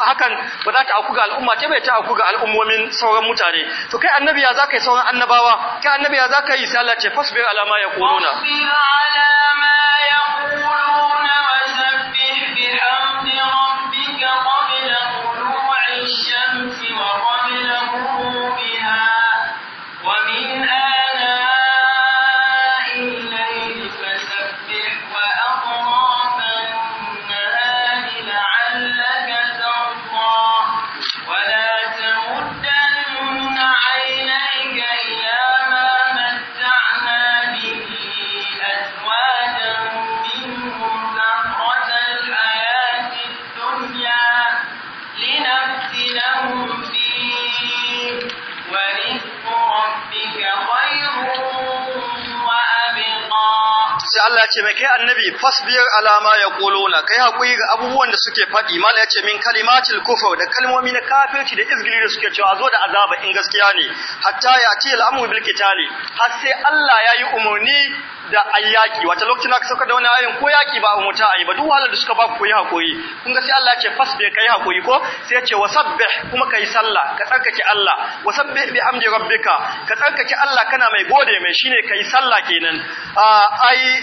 hakan ba za ta auku ga al'umma ta bai ta auku ga al'ummomin sauran mutane to kai annabi ya za ka yi sauran annabi annabawa kai annabi ya zaka yi sai Allah ce fasbir ala ma yaquluna fasbir ala yaquluna ce mai kai annabi fasbir alama ya na kai hakuri ga abubuwan da suke faɗi mala ya ce min kalimacin kufur da kalmomi na kafirci da izgiri da suke cewa zo da azaba in gaskiya ne hatta ya ce al'amru bil ne har sai Allah ya yi umarni da ayyaki wata lokacin aka sauka da wani ayin ko yaki ba mu a ayi ba duk wahalar da suka ba ku yi hakuri kun ga sai Allah ya ce bai kai hakuri ko sai ya ce wasabbih kuma kai sallah ka tsarkake Allah wasabbih bi amri rabbika ka tsarkake Allah kana mai gode mai shine kai sallah kenan ai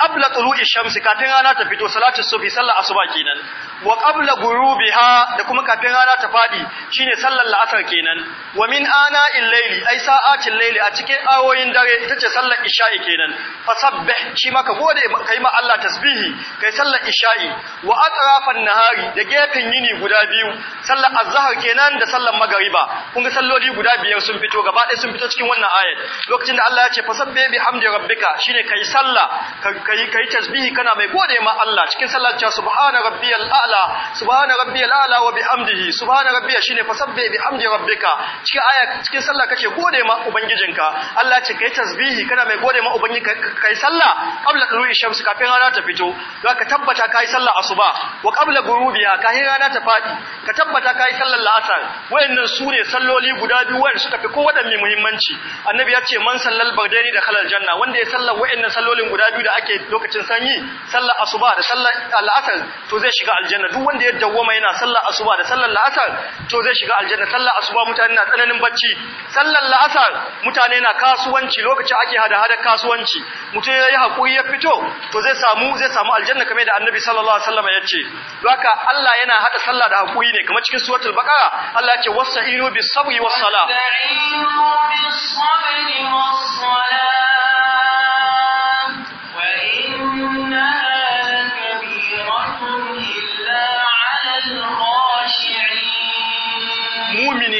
qabla tulu'i shamsi kafin rana ta fito salatu subhi sallah asuba kenan wa qabla gurubiha da kuma kafin rana ta fadi shine sallar la'asar kenan wa min ana illaili ai sa'atin layli a cikin awoyin dare ita ce sallar isha'i kenan fasabbih shi ma ka gode kai ma Allah tasbihi kai sallar isha'i wa atrafan nahari da gefen yini guda biyu sallar azhar kenan da sallar magariba kun ga salloli guda biyar sun fito gaba ɗaya sun fito cikin wannan ayat lokacin da Allah ya ce fasabbih bihamdi rabbika shine kai sallah kai kai tasbihi kana mai gode ma Allah cikin sallar ta subhana rabbiyal a'la a'la subhana rabbiyal a'la wa bihamdihi subhana rabbiya shine fasabbih bihamdi rabbika cikin aya cikin sallah kake gode ma ubangijinka Allah ce kai tasbihi kana mai gode ma ubangijinka kai sallah qabla tulu'i shams kafin rana ta fito ka tabbata kai sallah asuba wa qabla ghurubiha kafin rana ta fadi ka tabbata kai sallar la'asar wayannan sune salloli guda biyu wayanda suka fi kowadanne muhimmanci annabi ya ce man sallal bagdani da khalal janna wanda ya sallar wayannan sallolin guda biyu da ake lokacin sanyi sallar asuba da sallar la'asar to zai shiga aljanna aljanna duk wanda ya dawwama yana sallar asuba da sallar la'asar to zai shiga aljanna sallar asuba mutane na tsananin bacci sallar la'asar mutane na kasuwanci lokaci ake hada hada kasuwanci mutum ya yi hakuri ya fito to zai samu zai samu aljanna kamar da annabi sallallahu alaihi wasallam ya ce haka Allah yana hada sallah da hakuri ne kamar cikin suratul baqara Allah ya ce wasta'inu bis sabri was salah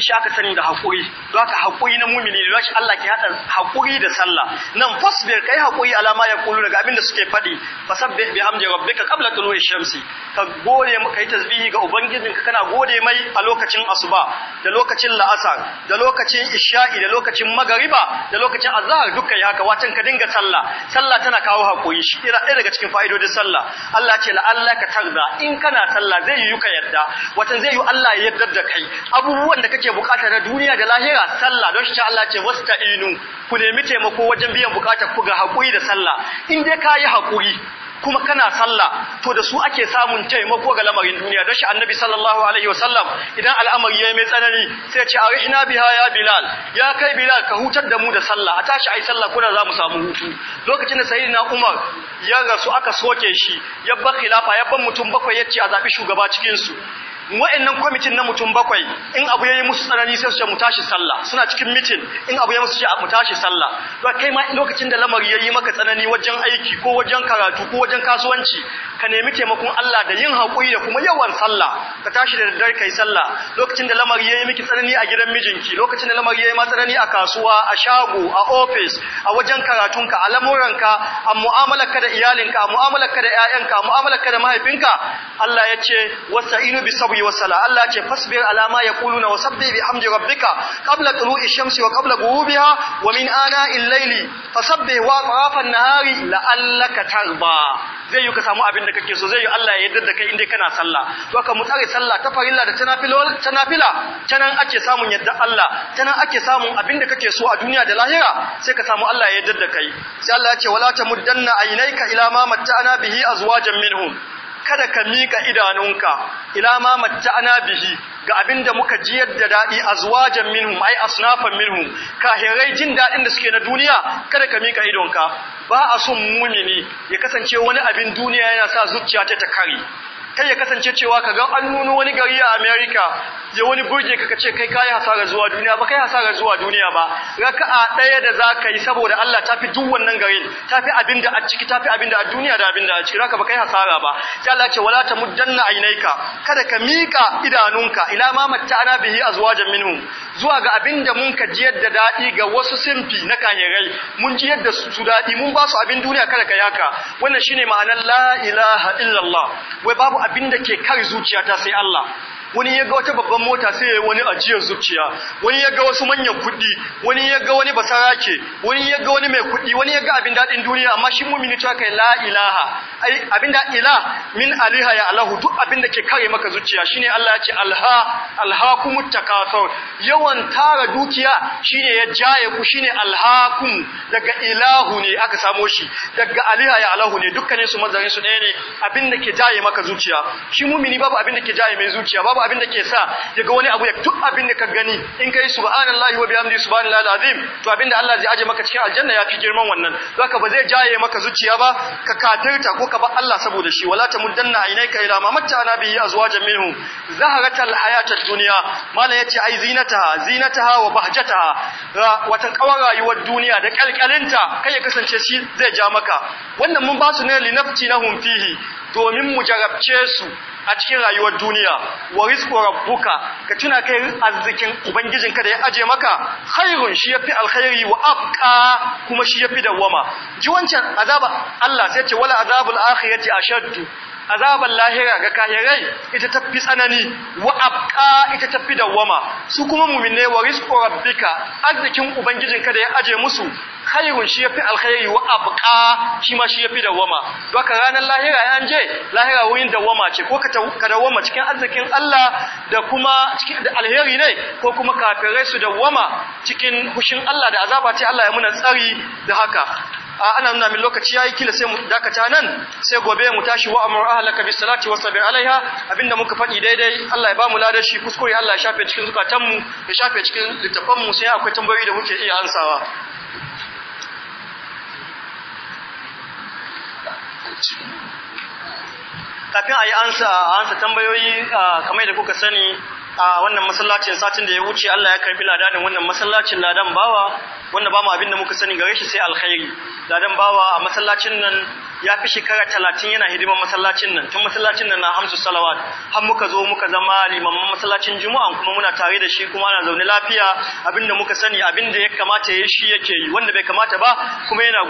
shi aka sani da haƙuri don haka haƙuri na mumini da shi Allah ke haɗa haƙuri da sallah nan fasbir kai haƙuri alama ya kulu daga abin da suke faɗi fasabbih hamdi rabbika qabla tulu'i shamsi ka gode kai tasbihi ga ubangijin ka kana gode mai a lokacin asuba da lokacin la'asar da lokacin isha'i da lokacin magariba da lokacin azhar duka yi haka watan ka dinga sallah sallah tana kawo haƙuri shi ira ɗaya daga cikin fa'idodin sallah Allah ce la'alla ka tarda in kana sallah zai yi ka yadda watan zai yi Allah ya yarda da kai abubuwan da kake kuke bukata na duniya da lahira sallah don shi ta Allah ce wasta'inu ku nemi taimako wajen biyan bukatar ku ga hakuri da sallah in dai kayi hakuri kuma kana sallah to da su ake samun taimako ga lamarin duniya don shi annabi sallallahu alaihi wasallam idan al'amari yayi mai tsanani sai ya ce arihna biha ya bilal ya kai bilal ka hutar da mu da sallah a tashi ai sallah kuna za mu samu hutu lokacin da sayyidina umar ya rasu aka soke shi ya kilafa khilafa ya ban mutum bakwai yace a zabi shugaba cikin su wa'annan kwamitin na mutum bakwai in abu yi musu tsanani sai su ce mu tashi sallah suna cikin mitin in abu ya musu ce mu tashi sallah to kai ma lokacin da lamari ya yi maka tsanani wajen aiki ko wajen karatu ko wajen kasuwanci ka nemi taimakon Allah da yin haƙuri da kuma yawan sallah ka tashi da daddare kai sallah lokacin da lamari yayi miki tsanani a gidan mijinki lokacin da lamari yayi ma tsanani a kasuwa a shago a office a wajen karatunka a lamuranka a mu'amalarka da iyalinka a mu'amalarka da ƴaƴanka a mu'amalarka da mahaifinka Allah ya ce wasta'inu bis sabri Allah ya ce fasbir ala ma yaquluna wasabbih bihamdi rabbika qabla tulu'i shamsi wa qabla ghurubiha wa min ana al-layli fasabbih wa qarafan nahari la'allaka tarba zai yi ka samu abin da kake so zai yi Allah ya yarda da kai inda kana sallah to haka mu tsare sallah ta farilla da ta tanafila tanan ake samun yadda Allah tanan ake samun abin da kake so a duniya da lahira sai ka samu Allah ya yarda da kai sai Allah ya ce wala tamuddanna aynaika ila ma matta'ana bihi azwajan minhum kada ka mika idanunka ila ma ana bihi ga abin da muka jiyar ji yadda dadi azwajan minhum ay asnafan minhum kahirai jin daɗin da suke na duniya kada ka mika idonka ba a son mumini ya kasance wani abin duniya yana sa zuciya ta ta kare kai ya kasance cewa ka ga an nuno wani gari a Amerika ya wani burge ka kace kai kai hasara zuwa duniya ba kai hasara zuwa duniya ba raka'a daya da zaka yi saboda Allah tafi duk wannan garin tafi abinda a ciki tafi abinda a duniya da abinda a ciki raka ba kai hasara ba sai Allah ce wala tamuddanna ainaika kada ka mika idanunka ila ma matta'ana bihi azwajan minhum zuwa ga abinda mun ka ji yadda dadi ga wasu simfi na kanyarai mun ji yadda su dadi mun ba su abin duniya kada ka yaka wannan shine ma'anar la ilaha illallah wai babu abin da ke kare zuciyata sai Allah wani ya ga wata babban mota sai ya yi wani ajiyar zuciya wani ya ga wasu manyan kuɗi wani ya ga wani basarake wani ya ga wani mai kuɗi wani ya ga abin daɗin duniya amma shi mumini cewa kai la ilaha ai abin da ila min aliha ya alahu duk abin da ke kare maka zuciya shine Allah ya ce alha alhaakumut takasur yawan tara dukiya shine ya jaye ku shine alhaakum daga ilahu ne aka samo shi daga aliha ya alahu ne dukkanin su mazarin su ɗaya ne abin da ke jaye maka zuciya shi mumini babu abin da ke jaye mai zuciya babu babu abin da ke sa daga wani abu ya duk abin da ka gani in ka kai subhanallahi wa bihamdi subhanallahi azim to abin da Allah zai aje maka cikin aljanna fi girman wannan zaka ba zai jaye maka zuciya ba ka katirta ko ka ba Allah saboda shi wala tamuddanna ka ila ma matta'ana bihi azwajan minhum zaharatal hayatal dunya mala yace ai zinataha zinataha wa bahjataha wata kawar rayuwar duniya da kalkalinta kai ya kasance shi zai ja maka wannan mun ba su ne linafti na fihi domin mu jarabce su a cikin rayuwar duniya wa rizqu rabbuka ka tuna kai arzikin ka da ya aje maka khairun shi yafi alkhairi wa abqa kuma shi yafi dawama ji wancan azaba Allah sai ce wala azabul akhirati ashaddu azaban lahira ga kahirai ita tafi tsanani wa ita tafi dawwama su kuma mu'minai wa rizqu rabbika arzikin ubangijin da ya aje musu khairun shi yafi alkhairi wa shi ma shi yafi dawwama doka ranar lahira an je lahira wurin dawwama ce ko ka dawwama cikin arzikin Allah da kuma cikin alheri ne ko kuma kafirai su dawwama cikin hushin Allah da azaba ce Allah ya muna tsari da haka ana nuna min lokaci yayi kila sai mu dakata nan sai gobe mu tashi wa amru ahlaka bis salati wasbir alaiha abinda muka faɗi daidai Allah ya ba mu ladar shi kuskure Allah ya shafe cikin zukatan mu ya shafe cikin littafan mu sai akwai tambayoyi da muke iya ansawa kafin a yi ansa tambayoyi kamar da kuka sani a wannan masallacin satin da ya wuce Allah ya karfi ladanin wannan masallacin ladan bawa wanda ba mu abin da muka sani gare shi sai alkhairi ladan bawa a masallacin nan ya fi shekara talatin yana hidimar masallacin nan tun masallacin nan na hamsu salawat har muka zo muka zama limaman masallacin juma'a kuma muna tare da shi kuma ana zaune lafiya abin da muka sani abin da ya kamata ya shi yake yi wanda bai kamata ba kuma yana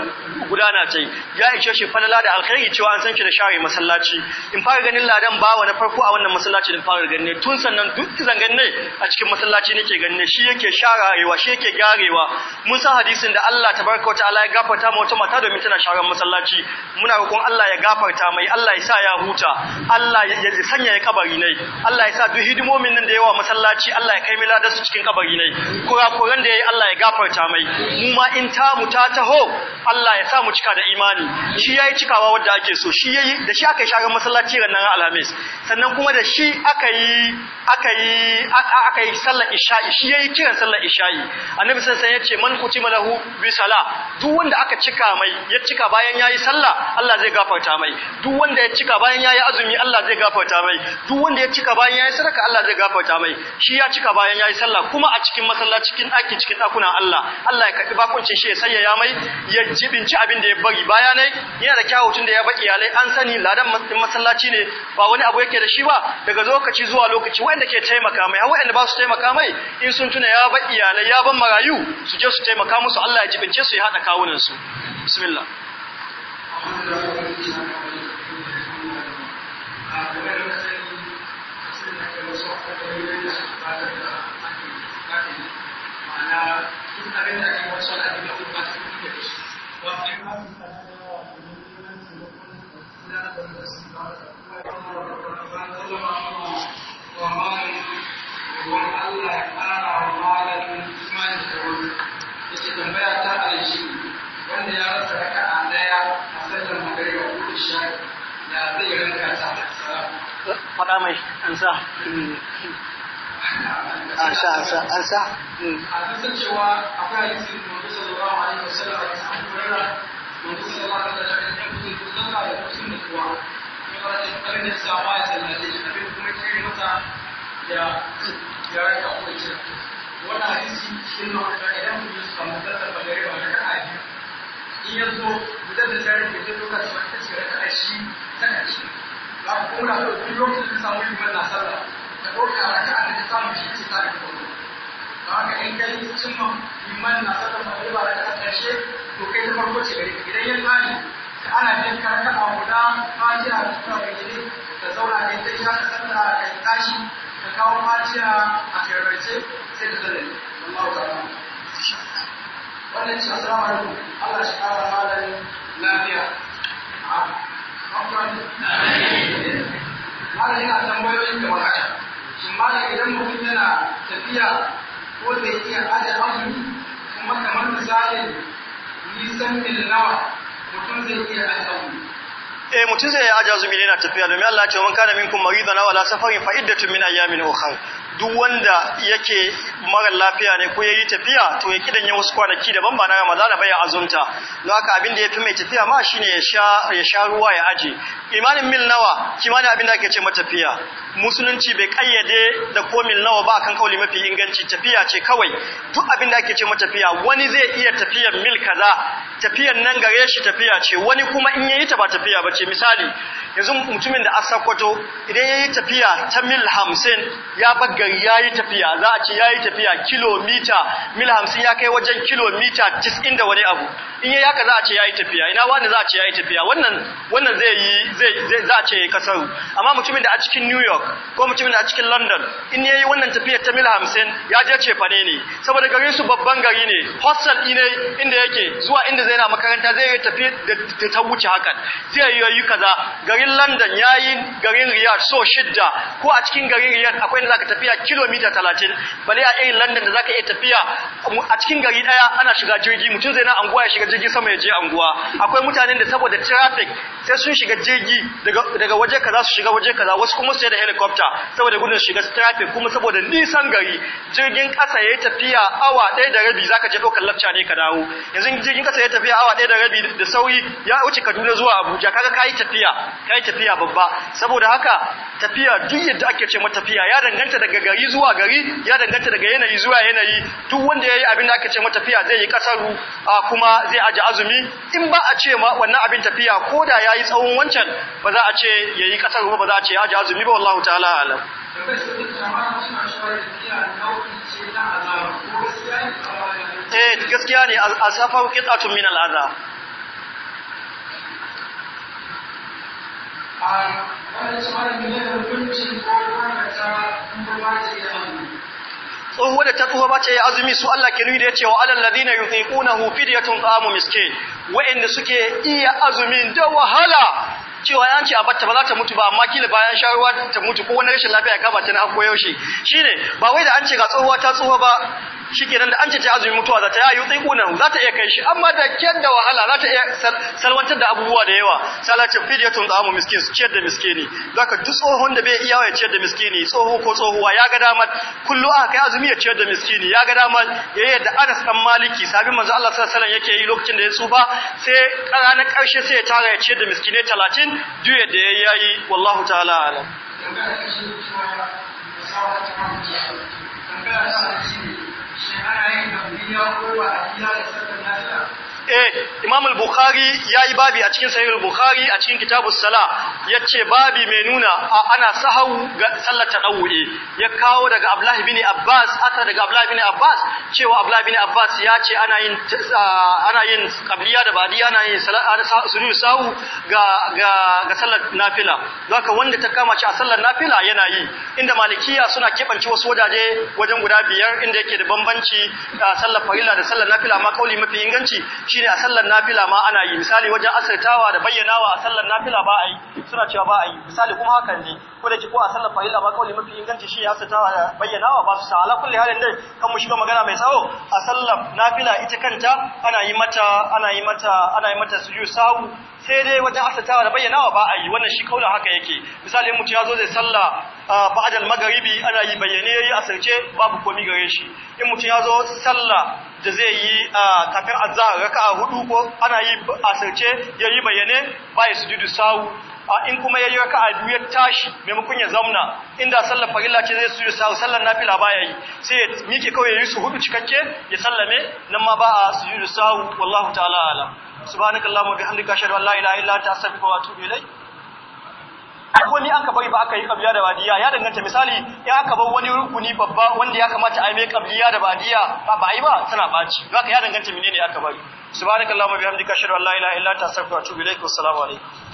gudana ta yi ya ishe shi falala da alkhairi cewa an san shi da share masallaci in fara ganin ladan bawa na farko a wannan masallaci da fara ganin tun sannan duk zangan ne a cikin masallaci nake ganne shi yake shararewa shi yake garewa mun san hadisin da Allah tabaraka wa ta'ala ya gafarta ma wata mata domin tana sharan masallaci muna roƙon Allah ya gafarta mai Allah ya sa ya huta Allah ya sanya ya kabari nai Allah ya sa duk hidimomin nan da yawa masallaci Allah ya kai mu da su cikin kabari ne kuran da yayi Allah ya gafarta mai mu ma in ta mu ta taho Allah ya sa mu cika da imani shi yayi cikawa wanda ake so shi yayi da shi aka yi sharan masallaci ranar Alhamis sannan kuma da shi aka yi aka Eh, aka yi sallar isha'i shi ya yi kiran sallar isha'i a sallallahu alaihi ya ce man kutima malahu bi sala duk wanda aka cika mai ya cika bayan ya yi sallah Allah zai gafarta mai duk wanda ya cika bayan ya yi azumi Allah zai gafarta mai duk wanda ya cika bayan ya yi sadaka Allah zai gafarta mai shi ya cika bayan ya yi sallah kuma a cikin masallaci cikin ɗaki cikin Allah Allah ya karɓi bakuncin shi ya sayyaya mai ya jibinci abin da ya bari baya ne yana da kyawu tun da ya baki iyalai an sani ladan masallaci ne ba wani abu yake da shi ba daga lokaci zuwa lokaci wanda ke taimaka mai an wa'anda ba su taimaka mai in sun tuna ya iyalai ya ban marayu su je su taimaka musu Allah ya jibince su ya haɗa kawunan su bismillah faɗa mai an sa an sa an sa an sa a kasar cewa akwai da an kurera manzo sallallahu a wasallam da ya kuce da kusin da kuwa ba da ya sallace abin kuma ce masa ya ya rika kuma wannan hadisi shi ne wanda idan mutum ya samu da bagare ba da in yanzu mutum da tare da ke lokacin da ta ce shi ta ƙarshe za ku kuma da duk lokacin da samu liman na sallah ka ɗauka raka'a da ta samu shi ce ta da kuma don haka in kai cimma liman na sallah samu riba da ta ƙarshe to kai ta farko ce gare idan ya tsari ka ana bin ka raka'a guda fatiha da sura ga gine ka zauna ne sai ya ka sallah ka yi tashi ka kawo fatiha a kirarce sai ka sallah wallahu ta'ala wannan ce assalamu alaikum Allah shi kara malamin lafiya malam yana tambayoyin da kamar haka shin malam idan mutum yana tafiya ko zai iya aje azumi kuma kamar misalin nisan mil nawa mutum zai iya aje azumi eh mutum zai aje azumi yana tafiya domin Allah ya ce man kana minkum maridan aw ala safarin fa iddatun min ayyamin ukhra duk wanda yake mara lafiya ne ko yayi tafiya to ya kidan ya wasu kwanaki daban ba na Ramadana ba ya azumta don haka abin da yafi mai tafiya ma shine ya sha ya sha ruwa ya aje imanin mil nawa kimanin abin da ake ce matafiya musulunci bai kayyade da ko mil nawa ba kan kauli mafi inganci tafiya ce kawai duk abin da ake ce matafiya wani zai iya tafiyar mil kaza tafiyar nan gare shi tafiya ce wani kuma in yayi ta ba tafiya ba ce misali yanzu mutumin da asakwato idan ya yi tafiya ta mil hamsin ya bagari ya yi tafiya za a ce ya yi tafiya kilomita mil hamsin ya kai wajen kilomita tis'in da wani abu in yi haka za a ce ya yi tafiya ina wani za a ce ya yi tafiya wannan zai yi za a ce ya yi kasaru amma mutumin da a cikin new york ko mutumin da a cikin london in ya yi wannan tafiya ta mil hamsin ya je ce fane ne saboda garin su babban gari ne hostel ne inda yake zuwa inda zai na makaranta zai yi tafiya da ta wuce hakan zai yi kaza gari garin London ya yi garin Riyadh so shidda ko a cikin garin Riyadh akwai inda ka tafiya kilomita talatin bale a irin London da za ka iya tafiya a cikin gari daya ana shiga jirgi mutum zai na anguwa ya shiga jirgi sama ya je anguwa akwai mutanen da saboda traffic sai sun shiga jirgi daga daga waje kaza su shiga waje kaza wasu kuma su da helicopter saboda gudun shiga traffic kuma saboda nisan gari jirgin kasa yi tafiya awa ɗaya da rabi zaka je ɗaukar lafca ne ka dawo yanzu jirgin kasa ya tafiya awa ɗaya da rabi da sauri ya wuce Kaduna zuwa Abuja kaga kai tafiya kai tafiya babba saboda haka tafiya duk yadda ake ce mata tafiya ya danganta daga gari zuwa gari ya danganta daga yanayi zuwa yanayi duk wanda yayi abin da ake ce mata tafiya zai yi kasaru kuma zai aji azumi in ba a ce ma wannan abin tafiya koda yayi tsawon wancan ba za a ce yayi kasaru ba za a ce aji azumi ba wallahi ta'ala alam eh gaskiya ne asafar kitatun min al'aza tsohuwa da ta tsohuwa ba ce ya azumi su Allah ke nuni da ya ce wa alal ladina ya fidyatun ta'amu miskin wa'anda suke iya azumin da wahala cewa yan ce a batta ba za ta mutu ba amma kila bayan sharuwa ta mutu ko wani rashin lafiya ya kama ta na an shi shine ba wai da an ce ga tsohuwa ta tsohuwa ba shikenan da an ce ta azumi mutuwa za ta yi yutai kunan za ta iya kai shi amma da kyan da wahala za ta iya salwantar da abubuwa da yawa sala ce fidyatun mu miskin su ciyar da miskini zaka duk tsohon da bai iya ya ciyar da miskini tsoho ko tsohuwa ya ga dama kullu aka kai azumi ya ciyar da miskini ya ga dama yayi da Anas dan Maliki sabin manzo Allah sallallahu alaihi wasallam yake yi lokacin da ya tsufa sai ranar karshe sai ya tara ya ciyar da miskine talatin duye da yayi wallahu ta'ala alam Thank you. shin ana yin tafiya ko a iya da eh Imam al-Bukhari yayi babi a cikin Sahih al-Bukhari a cikin Kitabus Salah yace babi mai nuna ana sahau ga sallar tadawwu'i ya kawo daga Abdullah ibn Abbas aka daga Abdullah ibn Abbas cewa Abdullah ibn Abbas ya ce ana yin ana yin qabliya da badiya ana yin sujud sahu ga ga ga sallar nafila haka wanda ta kama shi a sallar nafila yana yi inda malikiya suna kebanci wasu wajaje wajen guda biyar inda yake da bambanci sallar farilla da sallar nafila amma kauli mafi inganci shi shine a sallar nafila ma ana yi misali wajen asirtawa da bayyanawa a sallar nafila ba a yi suna cewa ba a yi misali kuma hakan ne ko da ko a sallar farilla ba kawai mafi inganci shi asirtawa da bayyanawa ba su sa ala kulli halin dai kan mu shiga magana mai tsawo a sallar nafila ita kanta ana yi mata ana yi mata ana yi mata sujud sahu sai dai wajen asirtawa da bayyanawa ba a yi wannan shi kaula haka yake misali in mutum ya zo zai sallah ba'da al-maghribi ana yi bayyane yayi asirce babu komai gare shi in mutum ya zo sallah da zai yi a kafin azhar raka'a hudu ko ana yi a ya yi yayi ba ya sujudu sawu in kuma ya yayi raka'a biyu ya tashi maimakon ya zauna inda sallar farilla ce zai sujudu sawu sallar nafila baya yi sai ya miƙe kawai yi su hudu cikakke ya sallame nan ma ba a sujudu sawu wallahu ta'ala alam subhanakallahumma bihamdika ashhadu an la ilaha illa anta astaghfiruka wa atubu ilayk a wani aka bari ba aka yi kabliya da badiya ya danganta misali ya aka bar wani rukuni babba wanda ya kamata a yi mai kabliya da badiya ba ba yi ba tana baci zaka ya danganta menene aka bari subhanakallahumma bihamdika ashhadu an la ilaha illa anta astaghfiruka wa atubu ilaik wassalamu alaikum